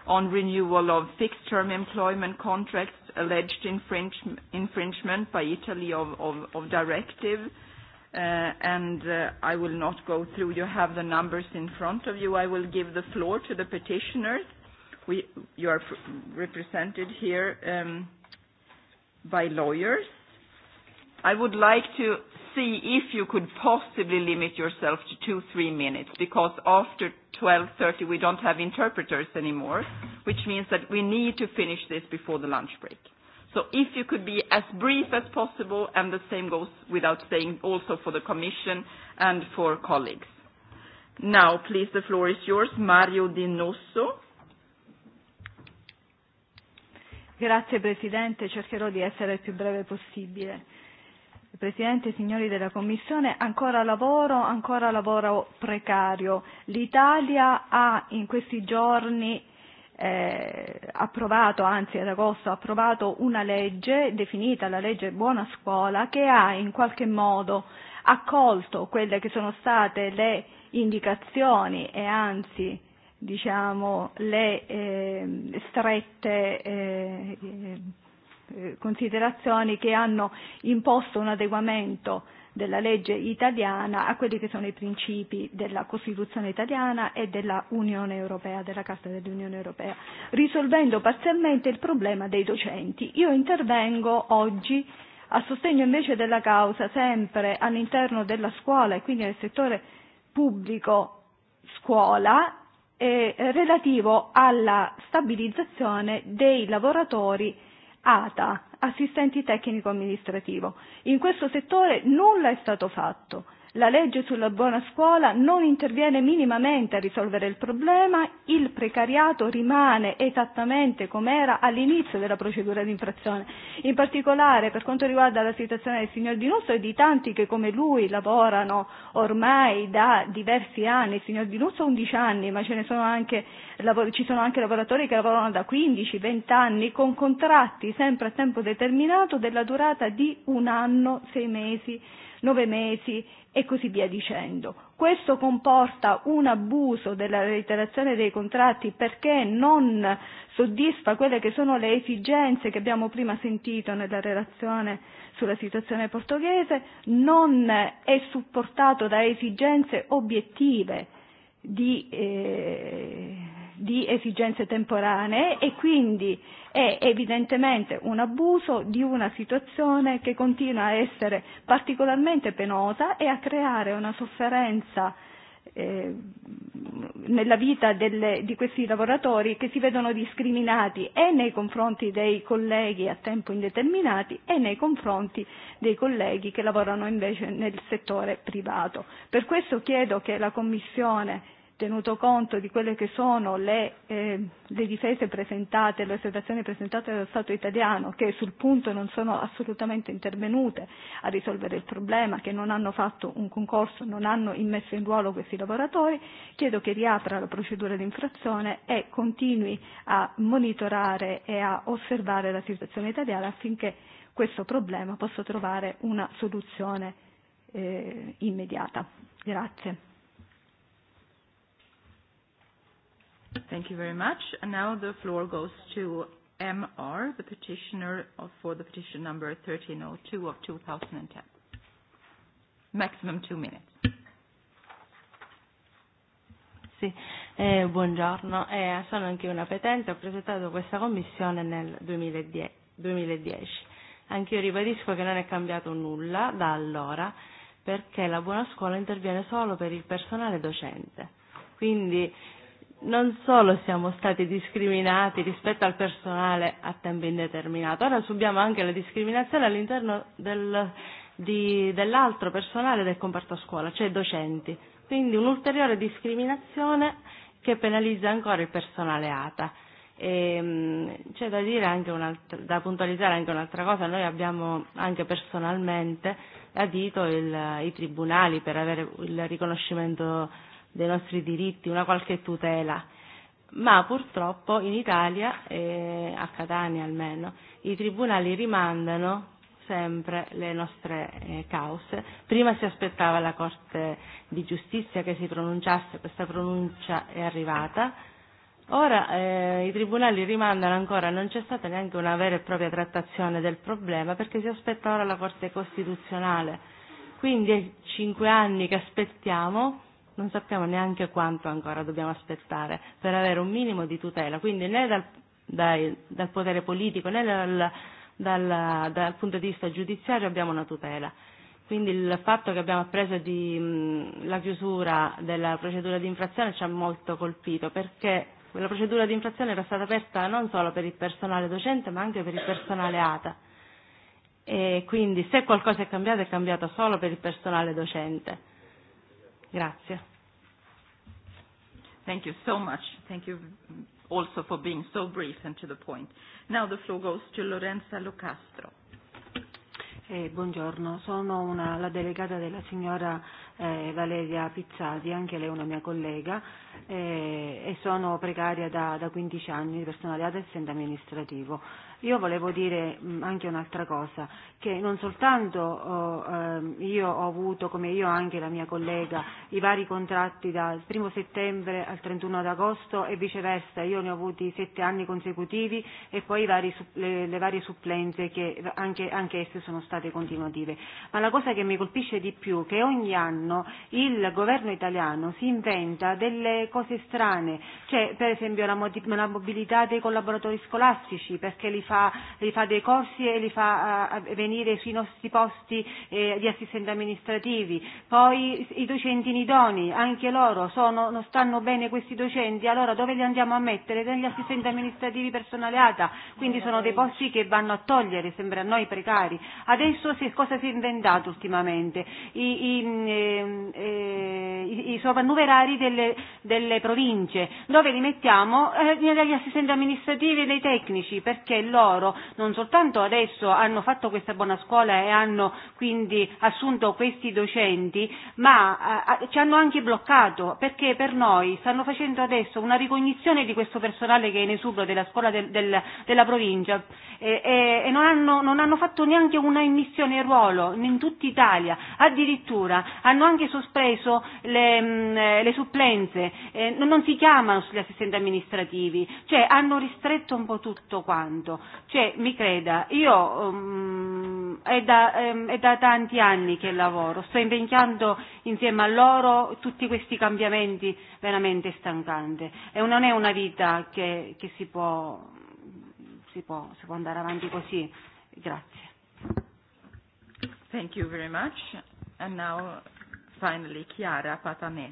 Speaker 8: on renewal of fixed-term employment contracts, alleged infring- infringement by Italy of, of, of directive. Uh, and uh, I will not go through. You have the numbers in front of you. I will give the floor to the petitioners we, you are represented here um, by lawyers. I would like to see if you could possibly limit yourself to two, three minutes, because after 12:30 we don't have interpreters anymore, which means that we need to finish this before the lunch break. So if you could be as brief as possible, and the same goes without saying also for the commission and for colleagues. Now, please, the floor is yours, Mario Di Nosso, Grazie Presidente, cercherò di essere il più breve possibile. Presidente,
Speaker 12: signori della Commissione, ancora lavoro, ancora lavoro precario. L'Italia ha in questi giorni eh, approvato, anzi ad agosto ha approvato una legge definita la legge Buona Scuola che ha in qualche modo accolto quelle che sono state le indicazioni e anzi diciamo, le ehm, eh, strette eh, considerazioni che hanno imposto un adeguamento della legge italiana a quelli che sono i principi della Costituzione italiana e della Unione Europea, della Carta dell'Unione Europea, risolvendo parzialmente il problema dei docenti. Io intervengo oggi a sostegno invece della causa sempre all'interno della scuola e quindi nel settore pubblico scuola eh, relativo alla stabilizzazione dei lavoratori ATA, assistenti tecnico-amministrativo. In questo settore nulla è stato fatto la legge sulla buona scuola non interviene minimamente a risolvere il problema, il precariato rimane esattamente come era all'inizio della procedura di infrazione. In particolare per quanto riguarda la situazione del signor Di Nusso e di tanti che come lui lavorano ormai da diversi anni, il signor Di Nusso 11 anni, ma ce ne sono anche, ci sono anche lavoratori che lavorano da 15-20 anni con contratti sempre a tempo determinato della durata di un anno, sei mesi nove mesi e così via dicendo. Questo comporta un abuso della reiterazione dei contratti perché non soddisfa quelle che sono le esigenze che abbiamo prima sentito nella relazione sulla situazione portoghese, non è supportato da esigenze obiettive di, eh, di esigenze temporanee e quindi è evidentemente un abuso di una situazione che continua a essere particolarmente penosa e a creare una sofferenza eh, nella vita delle, di questi lavoratori che si vedono discriminati e nei confronti dei colleghi a tempo indeterminati e nei confronti dei colleghi che lavorano invece nel settore privato. Per questo chiedo che la Commissione tenuto conto di quelle che sono le, eh, le difese presentate, le osservazioni presentate dallo Stato italiano, che sul punto non sono assolutamente intervenute a risolvere il problema, che non hanno fatto un concorso, non hanno immesso in ruolo questi lavoratori, chiedo che riapra la procedura di infrazione e continui a monitorare e a osservare la situazione italiana affinché questo problema possa trovare una soluzione
Speaker 8: eh, immediata. Grazie. Thank you very much. And now the floor goes to MR, the petitioner of, for the petition number 1302 of 2010. Maximum two minutes.
Speaker 13: Sì, eh, buongiorno. Eh, sono anche una petente, ho presentato questa commissione nel 2010. 2010. Anch'io ribadisco che non è cambiato nulla da allora perché la buona scuola interviene solo per il personale docente. Quindi non solo siamo stati discriminati rispetto al personale a tempo indeterminato, ora subiamo anche la discriminazione all'interno del, di, dell'altro personale del comparto scuola, cioè docenti. Quindi un'ulteriore discriminazione che penalizza ancora il personale ATA. E, ehm, c'è da dire anche da puntualizzare anche un'altra cosa, noi abbiamo anche personalmente adito il, i tribunali per avere il riconoscimento dei nostri diritti, una qualche tutela. Ma purtroppo in Italia, eh, a Catania almeno, i tribunali rimandano sempre le nostre eh, cause. Prima si aspettava la Corte di giustizia che si pronunciasse, questa pronuncia è arrivata. Ora eh, i tribunali rimandano ancora, non c'è stata neanche una vera e propria trattazione del problema perché si aspetta ora la Corte Costituzionale. Quindi è cinque anni che aspettiamo non sappiamo neanche quanto ancora dobbiamo aspettare per avere un minimo di tutela, quindi né dal, dai, dal potere politico né dal, dal, dal punto di vista giudiziario abbiamo una tutela. Quindi il fatto che abbiamo appreso di mh, la chiusura della procedura di infrazione ci ha molto colpito perché la procedura di infrazione era stata aperta non solo per il personale docente ma anche per il personale ATA. E quindi se qualcosa è cambiato è cambiato solo per il personale docente. Grazie.
Speaker 8: Thank you so much. Thank you also for being so brief and to the point. Now the floor goes to Lorenza Locastro. Eh, buongiorno, sono una,
Speaker 14: la delegata della signora eh, Valeria Pizzati, anche lei è una mia collega, eh, e sono precaria da, da 15 anni di personale essendo amministrativo. Io volevo dire mm, anche un'altra cosa, che non soltanto oh, ehm, io ho avuto, come io anche la mia collega, i vari contratti dal 1 settembre al 31 ad agosto e viceversa, io ne ho avuti sette anni consecutivi e poi le, varie supplenze che anche, anche esse sono state continuative. Ma la cosa che mi colpisce di più è che ogni anno il governo italiano si inventa delle cose strane, cioè per esempio la mobilità dei collaboratori scolastici perché li fa, li fa dei corsi e li fa a, eh, a venire sui nostri posti eh, di assistenti amministrativi. Poi i docenti inidoni, anche loro sono, non stanno bene questi docenti, allora dove li andiamo a mettere? Negli assistenti amministrativi personale ATA, quindi sono dei posti che vanno a togliere, sembra a noi precari. Adesso si, cosa si è inventato ultimamente? I, i, mm, eh, eh, i, i sovrannumerari delle, delle province, dove li mettiamo? Eh, negli assistenti amministrativi e dei tecnici, perché loro loro non soltanto adesso hanno fatto questa buona scuola e hanno quindi assunto questi docenti, ma eh, ci hanno anche bloccato perché per noi stanno facendo adesso una ricognizione di questo personale che è in esubro della scuola del, del, della provincia e, e, e non, hanno, non hanno fatto neanche una immissione ruolo in tutta Italia, addirittura hanno anche sospeso le, mm, eh, le supplenze, eh, non, non si chiamano sugli assistenti amministrativi, cioè hanno ristretto un po' tutto quanto. Cioè, mi creda, io um, è, da, um, è da tanti anni che lavoro, sto invecchiando insieme a loro tutti questi cambiamenti veramente stancanti e non è una vita che, che si, può, si, può, si
Speaker 8: può andare avanti così. Grazie. Thank you very much. And now finally Chiara Patamè.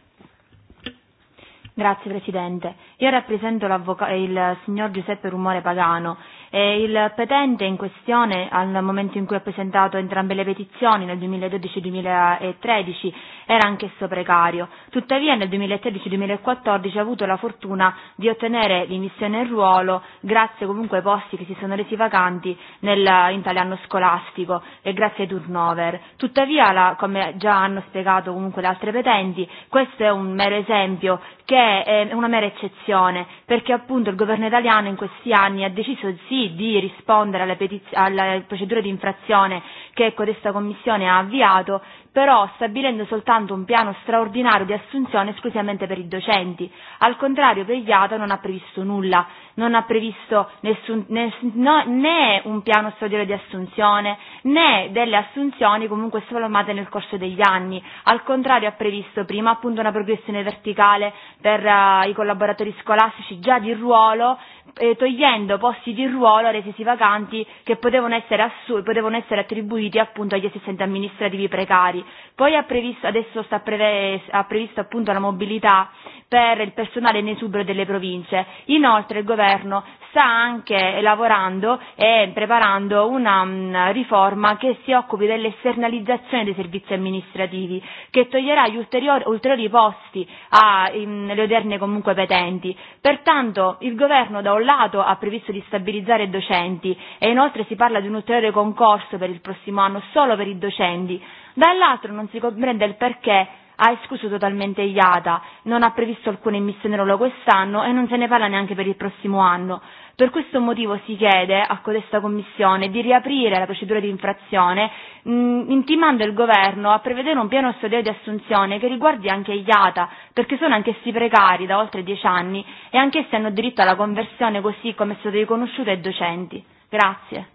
Speaker 15: Grazie Presidente. Io rappresento il signor Giuseppe Rumore Pagano E il petente in questione, al momento in cui ha presentato entrambe le petizioni, nel 2012-2013, era anch'esso precario. Tuttavia nel 2013-2014 ha avuto la fortuna di ottenere l'immissione in ruolo grazie comunque ai posti che si sono resi vacanti nel, in tale anno scolastico e grazie ai turnover. Tuttavia, la, come già hanno spiegato comunque le altre petenti, questo è un mero esempio che è una mera eccezione, perché appunto il governo italiano in questi anni ha deciso sì di rispondere alle, petiz- alle procedure di infrazione che questa Commissione ha avviato, però stabilendo soltanto un piano straordinario di assunzione esclusivamente per i docenti. Al contrario, per gli ATA non ha previsto nulla, non ha previsto nessun, ness, no, né un piano straordinario di assunzione, né delle assunzioni comunque sformate nel corso degli anni. Al contrario, ha previsto prima appunto una progressione verticale per uh, i collaboratori scolastici già di ruolo eh, togliendo posti di ruolo resisi vacanti che potevano essere, assu- potevano essere attribuiti appunto agli assistenti amministrativi precari. Poi ha previsto, adesso sta preve- ha previsto appunto la mobilità per il personale in esubero delle province. Inoltre il governo sta anche lavorando e preparando una um, riforma che si occupi dell'esternalizzazione dei servizi amministrativi, che toglierà gli ulteriori, ulteriori posti alle odierne comunque petenti. Pertanto il governo da un lato ha previsto di stabilizzare i docenti e inoltre si parla di un ulteriore concorso per il prossimo anno solo per i docenti, dall'altro non si comprende il perché ha escluso totalmente IATA, non ha previsto alcuna emissione loro quest'anno e non se ne parla neanche per il prossimo anno. Per questo motivo si chiede a questa Commissione di riaprire la procedura di infrazione mh, intimando il Governo a prevedere un piano studio di assunzione che riguardi anche IATA, perché sono anch'essi precari da oltre dieci anni e anch'essi hanno diritto alla conversione così come è stato riconosciuto ai docenti. Grazie.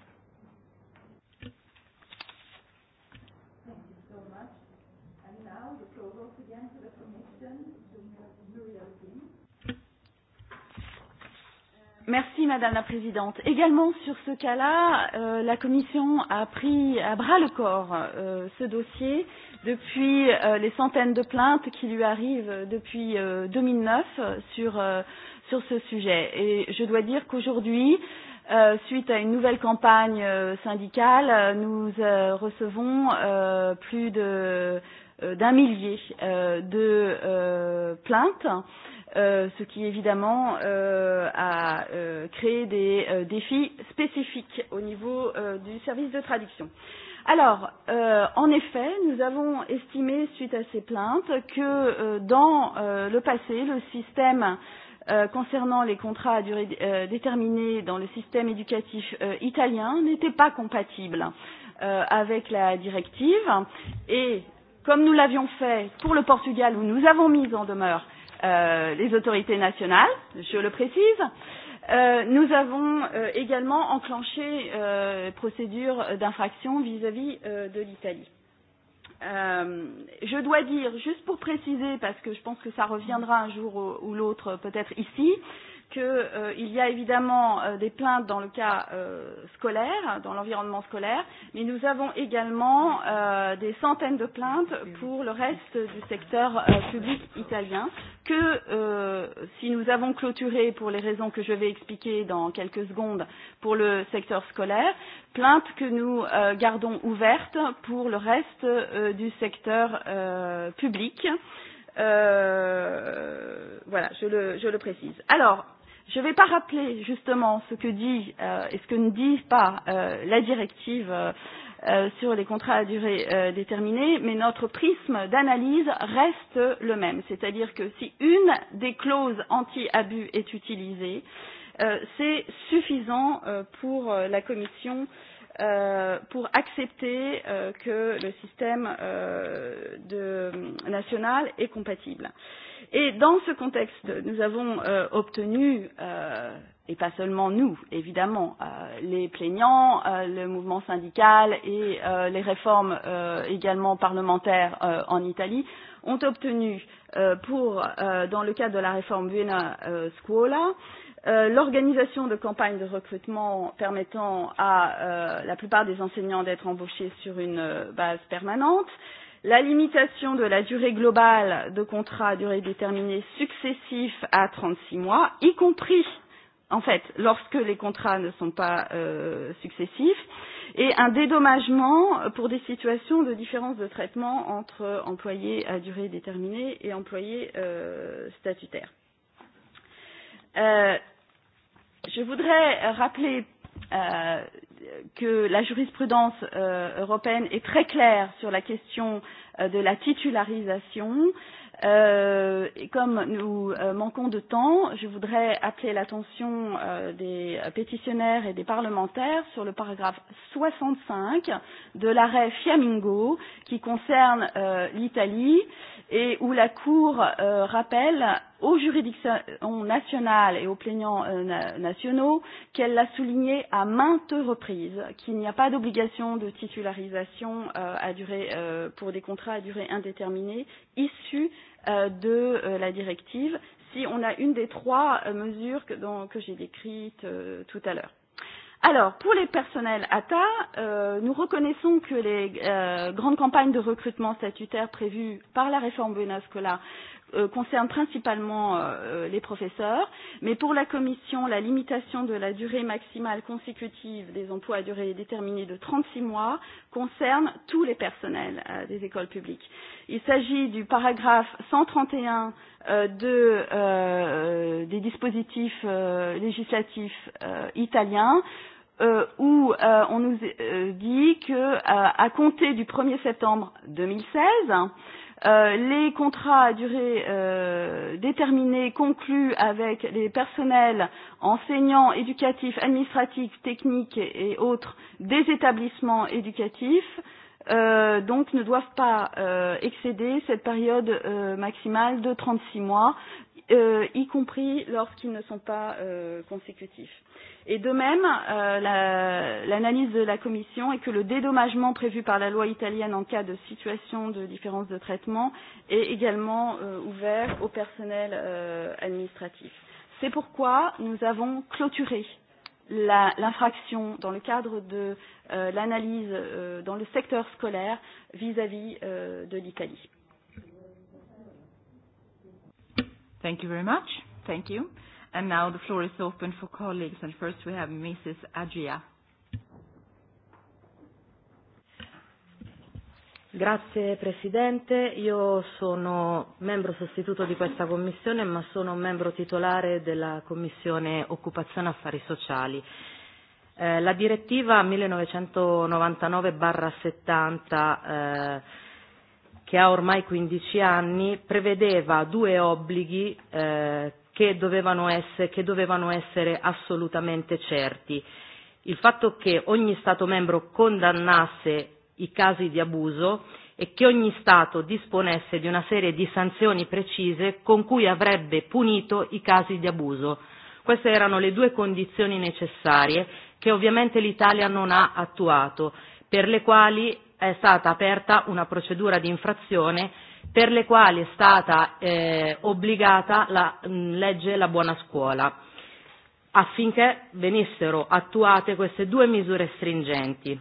Speaker 12: again to the Commission, to Muriel King.
Speaker 9: Merci Madame la Présidente. Également sur ce cas-là, euh, la Commission a pris à bras le corps euh, ce dossier depuis euh, les centaines de plaintes qui lui arrivent depuis euh, 2009 sur, euh, sur ce sujet. Et je dois dire qu'aujourd'hui, euh, suite à une nouvelle campagne euh, syndicale, nous euh, recevons euh, plus de d'un millier euh, de euh, plaintes, euh, ce qui évidemment euh, a euh, créé des euh, défis spécifiques au niveau euh, du service de traduction. Alors, euh, en effet, nous avons estimé, suite à ces plaintes, que euh, dans euh, le passé, le système euh, concernant les contrats à durée euh, déterminée dans le système éducatif euh, italien n'était pas compatible euh, avec la directive et comme nous l'avions fait pour le Portugal où nous avons mis en demeure euh, les autorités nationales, je le précise, euh, nous avons euh, également enclenché euh, procédure d'infraction vis-à-vis euh, de l'Italie. Euh, je dois dire, juste pour préciser, parce que je pense que ça reviendra un jour ou, ou l'autre peut-être ici, euh, qu'il euh, y a évidemment euh, des plaintes dans le cas euh, scolaire, dans l'environnement scolaire, mais nous avons également euh, des centaines de plaintes pour le reste du secteur euh, public italien que euh, si nous avons clôturé pour les raisons que je vais expliquer dans quelques secondes pour le secteur scolaire, plaintes que nous euh, gardons ouvertes pour le reste euh, du secteur euh, public. Euh, voilà, je le, je le précise. Alors, Je ne vais pas rappeler justement ce que dit euh, et ce que ne dit pas euh, la directive euh, euh, sur les contrats à durée euh, déterminée, mais notre prisme d'analyse reste le même, c'est-à-dire que si une des clauses anti-abus est utilisée, euh, c'est suffisant euh, pour euh, la Commission euh, Euh, pour accepter euh, que le système euh, de, national est compatible. Et dans ce contexte, nous avons euh, obtenu, euh, et pas seulement nous, évidemment, euh, les plaignants, euh, le mouvement syndical et euh, les réformes euh, également parlementaires euh, en Italie, ont obtenu euh, pour, euh, dans le cadre de la réforme Buena euh, Scuola, euh, Euh, l'organisation de campagnes de recrutement permettant à euh, la plupart des enseignants d'être embauchés sur une euh, base permanente, la limitation de la durée globale de contrat à durée déterminée successif à 36 mois, y compris en fait lorsque les contrats ne sont pas euh, successifs, et un dédommagement pour des situations de différence de traitement entre employés à durée déterminée et employés euh, statutaires. Euh, Je voudrais euh, rappeler euh, que la jurisprudence euh, européenne est très claire sur la question euh, de la titularisation. Euh, et comme nous euh, manquons de temps, je voudrais appeler l'attention euh, des pétitionnaires et des parlementaires sur le paragraphe 65 de l'arrêt Fiamingo qui concerne euh, l'Italie et où la Cour euh, rappelle aux juridictions nationales et aux plaignants euh, nationaux qu'elle l'a souligné à maintes reprises qu'il n'y a pas d'obligation de titularisation euh, à durée, euh, pour des contrats à durée indéterminée issus euh, de euh, la directive si on a une des trois euh, mesures que, que j'ai décrites euh, tout à l'heure. Alors, pour les personnels ATA, euh, nous reconnaissons que les euh, grandes campagnes de recrutement statutaire prévues par la réforme Benascola euh, euh, concerne principalement euh, les professeurs, mais pour la Commission, la limitation de la durée maximale consécutive des emplois à durée déterminée de 36 mois concerne tous les personnels euh, des écoles publiques. Il s'agit du paragraphe 131 euh, de, euh, des dispositifs euh, législatifs euh, italiens euh, où euh, on nous euh, dit que euh, à compter du 1er septembre 2016, Euh, les contrats à durée euh, déterminée conclus avec les personnels enseignants, éducatifs, administratifs, techniques et, autres des établissements éducatifs euh, donc ne doivent pas euh, excéder cette période euh, maximale de 36 mois, euh, y compris lorsqu'ils ne sont pas euh, consécutifs. Et de même, euh, l'analyse la, de la Commission est que le dédommagement prévu par la loi italienne en cas de situation de différence de traitement est également euh, ouvert au personnel euh, administratif. C'est pourquoi nous avons clôturé l'infraction dans le cadre de euh, l'analyse euh, dans le secteur scolaire vis-à-vis -vis, euh, de l'Italie.
Speaker 8: Thank you very much. Thank you. And now the floor is open for colleagues, and first we have Mrs. Agia. Grazie
Speaker 16: Presidente, io sono membro sostituto di questa Commissione ma sono membro titolare della Commissione Occupazione Affari Sociali. Eh, la direttiva 1999-70 eh, che ha ormai 15 anni prevedeva due obblighi eh, che dovevano essere, che dovevano essere assolutamente certi. Il fatto che ogni Stato membro condannasse i casi di abuso e che ogni Stato disponesse di una serie di sanzioni precise con cui avrebbe punito i casi di abuso. Queste erano le due condizioni necessarie che ovviamente l'Italia non ha attuato, per le quali è stata aperta una procedura di infrazione per le quali è stata eh, obbligata la mh, mm, legge La Buona Scuola affinché venissero attuate queste due misure stringenti.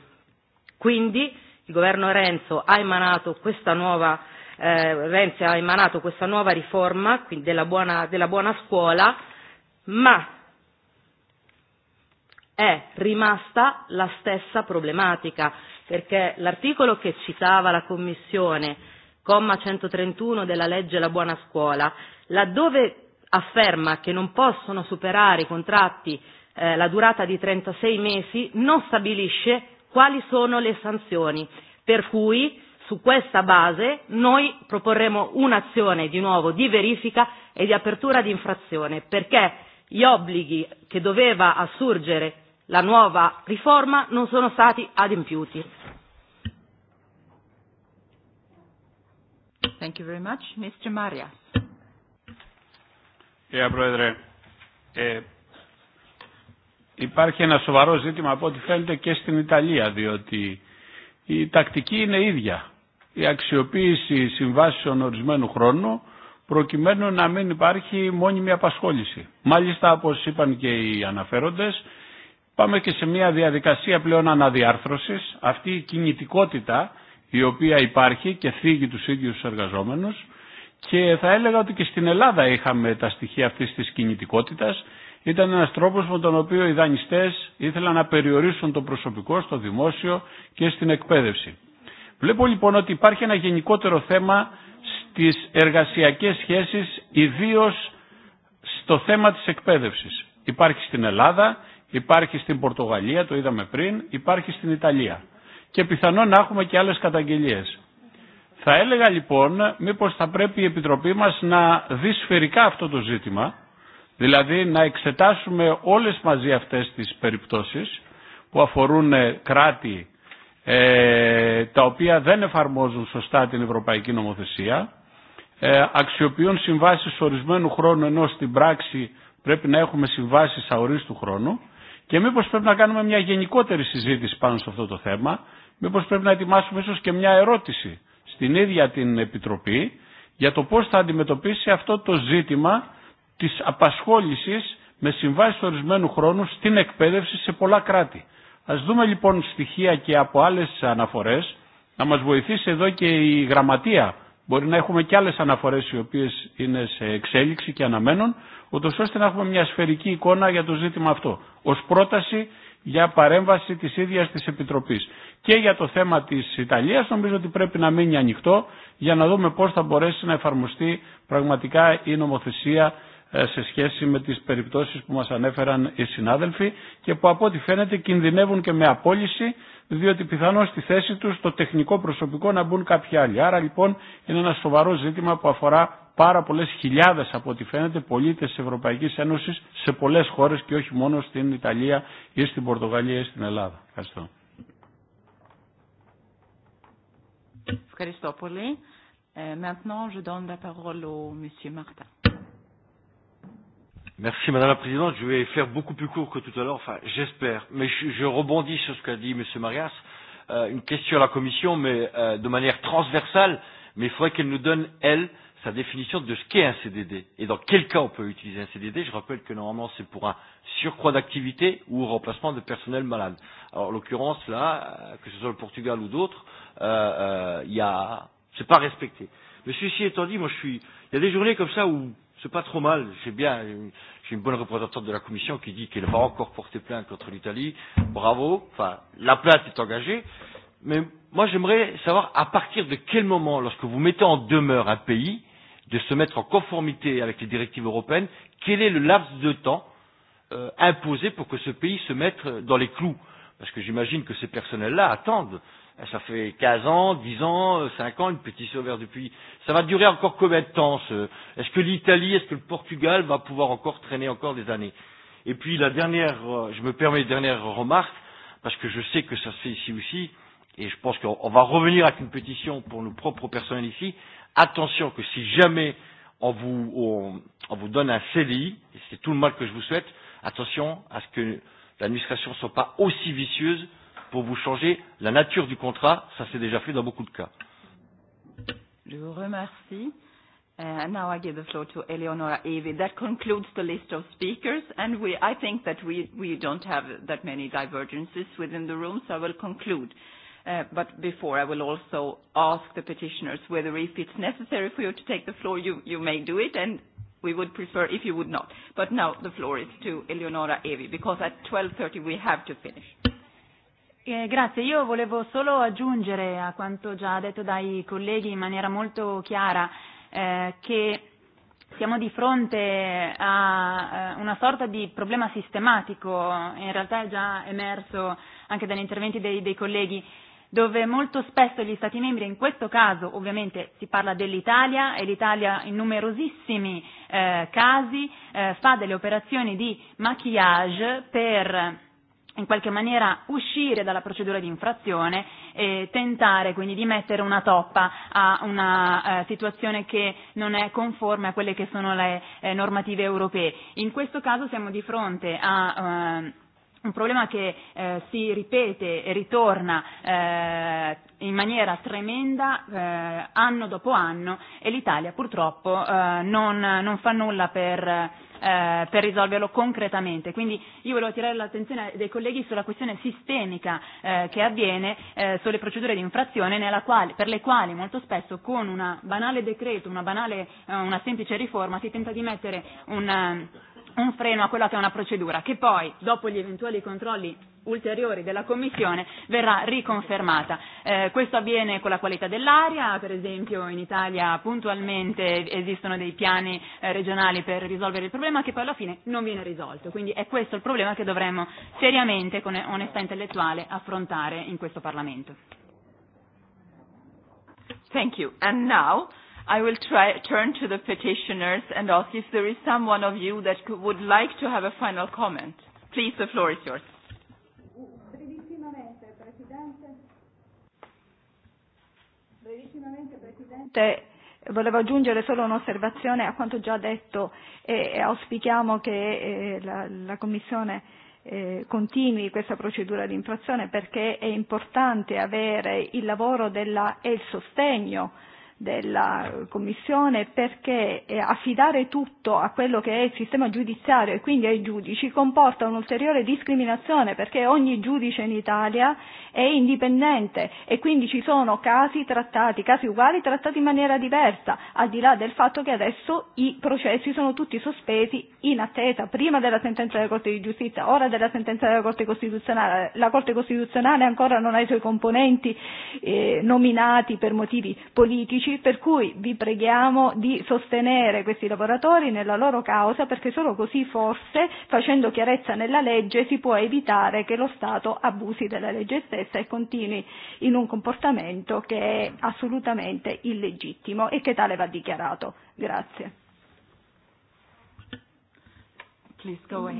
Speaker 16: Quindi il governo Renzo ha emanato questa nuova, eh, Renzi ha emanato questa nuova riforma quindi della, buona, della buona scuola, ma è rimasta la stessa problematica, perché l'articolo che citava la Commissione comma 131 della legge La Buona Scuola, laddove afferma che non possono superare i contratti eh, la durata di 36 mesi, non stabilisce quali sono le sanzioni. Per cui su questa base noi proporremo un'azione di nuovo di verifica e di apertura di infrazione, perché gli obblighi che doveva assurgere la nuova riforma non sono stati adempiuti.
Speaker 8: Thank you very much. Mr. Marias.
Speaker 4: Κύριε Πρόεδρε, ε, υπάρχει ένα σοβαρό ζήτημα από ό,τι φαίνεται και στην Ιταλία, διότι η τακτική είναι ίδια. Η αξιοποίηση συμβάσεων ορισμένου χρόνου προκειμένου να μην υπάρχει μόνιμη απασχόληση. Μάλιστα, όπως είπαν και οι αναφέροντες, πάμε και σε μια διαδικασία πλέον αναδιάρθρωσης. Αυτή η κινητικότητα η οποία υπάρχει και θίγει τους ίδιους τους εργαζόμενους και θα έλεγα ότι και στην Ελλάδα είχαμε τα στοιχεία αυτής της κινητικότητας. Ήταν ένας τρόπος με τον οποίο οι δανειστές ήθελαν να περιορίσουν το προσωπικό στο δημόσιο και στην εκπαίδευση. Βλέπω λοιπόν ότι υπάρχει ένα γενικότερο θέμα στις εργασιακές σχέσεις, ιδίως στο θέμα της εκπαίδευσης. Υπάρχει στην Ελλάδα, υπάρχει στην Πορτογαλία, το είδαμε πριν, υπάρχει στην Ιταλία και πιθανόν να έχουμε και άλλες καταγγελίες. Θα έλεγα λοιπόν μήπως θα πρέπει η Επιτροπή μας να δει σφαιρικά αυτό το ζήτημα, δηλαδή να εξετάσουμε όλες μαζί αυτές τις περιπτώσεις που αφορούν κράτη ε, τα οποία δεν εφαρμόζουν σωστά την Ευρωπαϊκή Νομοθεσία, ε, αξιοποιούν συμβάσεις ορισμένου χρόνου ενώ στην πράξη πρέπει να έχουμε συμβάσεις αορίστου χρόνου και μήπως πρέπει να κάνουμε μια γενικότερη συζήτηση πάνω σε αυτό το θέμα μήπως πρέπει να ετοιμάσουμε ίσως και μια ερώτηση στην ίδια την Επιτροπή για το πώς θα αντιμετωπίσει αυτό το ζήτημα της απασχόλησης με συμβάσεις ορισμένου χρόνου στην εκπαίδευση σε πολλά κράτη. Ας δούμε λοιπόν στοιχεία και από άλλες αναφορές, να μας βοηθήσει εδώ και η γραμματεία. Μπορεί να έχουμε και άλλες αναφορές οι οποίες είναι σε εξέλιξη και αναμένουν, ούτως ώστε να έχουμε μια σφαιρική εικόνα για το ζήτημα αυτό. Ως πρόταση για παρέμβαση της ίδιας της Επιτροπής και για το θέμα της Ιταλίας νομίζω ότι πρέπει να μείνει ανοιχτό για να δούμε πώς θα μπορέσει να εφαρμοστεί πραγματικά η νομοθεσία σε σχέση με τις περιπτώσεις που μας ανέφεραν οι συνάδελφοι και που από ό,τι φαίνεται κινδυνεύουν και με απόλυση διότι πιθανώς στη θέση τους το τεχνικό προσωπικό να μπουν κάποιοι άλλοι. Άρα λοιπόν είναι ένα σοβαρό ζήτημα που αφορά πάρα πολλές χιλιάδες από ό,τι φαίνεται πολίτες της Ευρωπαϊκής Ένωσης σε πολλές χώρες και όχι μόνο στην Ιταλία ή στην Πορτογαλία ή στην Ελλάδα. Ευχαριστώ.
Speaker 8: Ευχαριστώ euh, maintenant, je donne la parole au Monsieur Martin.
Speaker 11: Merci Madame la Présidente. Je vais faire beaucoup plus court que tout à l'heure, enfin j'espère. Mais je, je rebondis sur ce qu'a dit Monsieur Marias. Euh, une question à la Commission, mais euh, de manière transversale. Mais il faudrait qu'elle nous donne, elle, sa définition de ce qu'est un CDD et dans quel cas on peut utiliser un CDD. Je rappelle que normalement c'est pour un surcroît d'activité ou remplacement de personnel malade. Alors en l'occurrence là, euh, que ce soit le Portugal ou d'autres, il euh, euh, a... c'est pas respecté. Mais ceci étant dit, moi je suis, il y a des journées comme ça où c'est pas trop mal. J'ai bien, j'ai une bonne représentante de la Commission qui dit qu'elle va encore porter plainte contre l'Italie. Bravo. Enfin, la plainte est engagée. Mais moi, j'aimerais savoir à partir de quel moment, lorsque vous mettez en demeure un pays, de se mettre en conformité avec les directives européennes, quel est le laps de temps euh, imposé pour que ce pays se mette dans les clous Parce que j'imagine que ces personnels-là attendent. Euh, ça fait 15 ans, 10 ans, 5 euh, ans, une pétition vers depuis. Ça va durer encore combien de temps ce... Est-ce que l'Italie, est-ce que le Portugal va pouvoir encore traîner encore des années Et puis la dernière, euh, je me permets une dernière remarque, parce que je sais que ça se fait ici aussi, et je pense qu'on va revenir avec une pétition pour nos propres personnels ici, attention que si jamais on vous, on, on vous donne un CDI, et c'est tout le mal que je vous souhaite, attention à ce que l'administration ne soit pas aussi vicieuse pour vous changer la nature du contrat. Ça s'est déjà fait dans beaucoup de cas.
Speaker 8: Je vous remercie. Uh, now I give the floor to Eleonora Evi. That concludes the list of speakers, and we, I think that we, we don't have that many divergences within the room, so I will conclude. Uh, but before, I will also ask the petitioners whether if it's necessary for you to take the floor, you, you may do it, and we would prefer if you would not. But now the floor is to Eleonora Evi, because at 12.30 we have to finish.
Speaker 17: Eh, grazie, io volevo solo aggiungere a quanto già detto dai colleghi in maniera molto chiara eh, che siamo di fronte a eh, una sorta di problema sistematico, in realtà è già emerso anche dagli interventi dei, dei colleghi, eh, dove molto spesso gli Stati membri, in questo caso ovviamente si parla dell'Italia e l'Italia in numerosissimi eh, casi eh, fa delle operazioni di maquillage per in qualche maniera uscire dalla procedura di infrazione e tentare quindi di mettere una toppa a una eh, situazione che non è conforme a quelle che sono le eh, normative europee. In questo caso siamo di fronte a eh, un problema che eh, si ripete e ritorna eh, in maniera tremenda eh, anno dopo anno e l'Italia purtroppo eh, non, non fa nulla per, eh, per risolverlo concretamente. Quindi io volevo tirare l'attenzione dei colleghi sulla questione sistemica eh, che avviene eh, sulle procedure di infrazione nella quale, per le quali molto spesso con un banale decreto, una, banale, eh, una semplice riforma si tenta di mettere un Eh, un freno a quella che è una procedura che poi, dopo gli eventuali controlli ulteriori della Commissione, verrà riconfermata. Eh, questo avviene con la qualità dell'aria, per esempio in Italia puntualmente esistono dei piani eh, regionali per risolvere il problema che poi alla fine non viene risolto, quindi è questo il problema che dovremmo seriamente, con onestà intellettuale,
Speaker 8: affrontare in questo Parlamento. Thank you. And now I will try, turn to the petitioners and ask if there is someone of you that could, would like to have a final comment. Please, the floor is yours.
Speaker 12: volevo aggiungere solo un'osservazione a quanto già detto e auspichiamo che eh, la, la Commissione eh, continui questa procedura di infrazione perché è importante avere il lavoro della, e il sostegno della Commissione perché eh, affidare tutto a quello che è il sistema giudiziario e quindi ai giudici comporta un'ulteriore discriminazione perché ogni giudice in Italia è indipendente e quindi ci sono casi trattati, casi uguali trattati in maniera diversa, al di là del fatto che adesso i processi sono tutti sospesi in attesa prima della sentenza della Corte di giustizia, ora della sentenza della Corte costituzionale. La Corte costituzionale ancora non ha i suoi componenti eh, nominati per motivi politici per cui vi preghiamo di sostenere questi lavoratori nella loro causa perché solo così forse, facendo chiarezza nella legge, si può evitare che lo Stato abusi della legge stessa e continui in un comportamento che è assolutamente illegittimo e che tale va dichiarato. Grazie.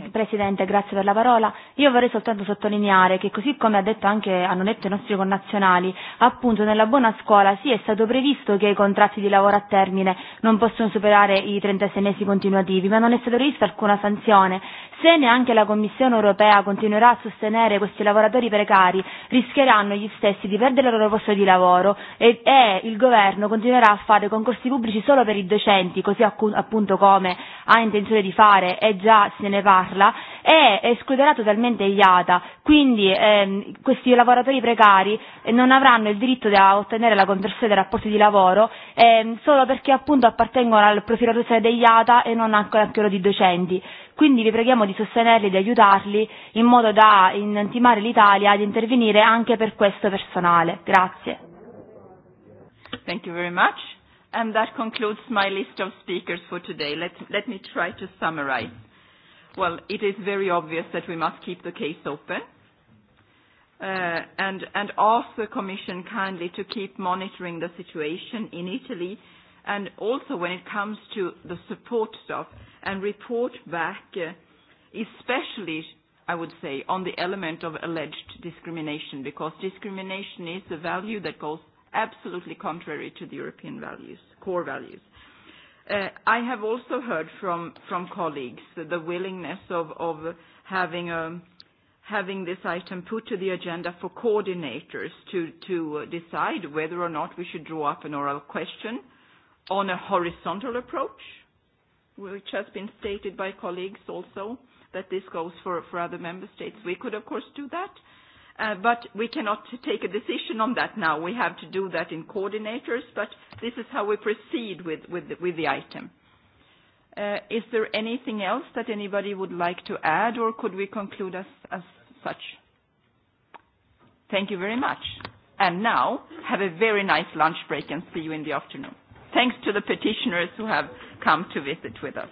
Speaker 15: Presidente, grazie per la parola. Io vorrei soltanto sottolineare che così come ha detto anche, hanno detto i nostri connazionali, appunto nella buona scuola sì è stato previsto che i contratti di lavoro a termine non possono superare i 36 mesi continuativi, ma non è stata prevista alcuna sanzione. Se neanche la Commissione europea continuerà a sostenere questi lavoratori precari, rischieranno gli stessi di perdere il loro posto di lavoro e, e il governo continuerà a fare concorsi pubblici solo per i docenti, così appunto come ha intenzione di fare e già se ne parla, e escluderà totalmente gli ATA. Quindi ehm, questi lavoratori precari eh, non avranno il diritto di ottenere la conversione dei rapporti di lavoro ehm, solo perché appunto appartengono al profilo sociale degli ATA e non a quello di docenti. Quindi vi preghiamo di sostenerli, di aiutarli in modo da intimare l'Italia ad intervenire anche per questo personale. Grazie.
Speaker 8: Thank you very much. And that concludes my list of speakers for today. Let, let me try to summarize. Well, it is very obvious that we must keep the case open. Uh, and, and ask the Commission kindly to keep monitoring the situation in Italy and also when it comes to the support stuff and report back, uh, especially, I would say, on the element of alleged discrimination, because discrimination is a value that goes absolutely contrary to the European values, core values. Uh, I have also heard from, from colleagues the willingness of, of having, a, um, having this item put to the agenda for coordinators to, to uh, decide whether or not we should draw up an oral question on a horizontal approach which has been stated by colleagues also, that this goes for, for other member states. We could, of course, do that, uh, but we cannot take a decision on that now. We have to do that in coordinators, but this is how we proceed with, with, the, with the item. Uh, is there anything else that anybody would like to add, or could we conclude as, as such? Thank you very much. And now, have a very nice lunch break and see you in the afternoon. Thanks to the petitioners who have come to visit with us.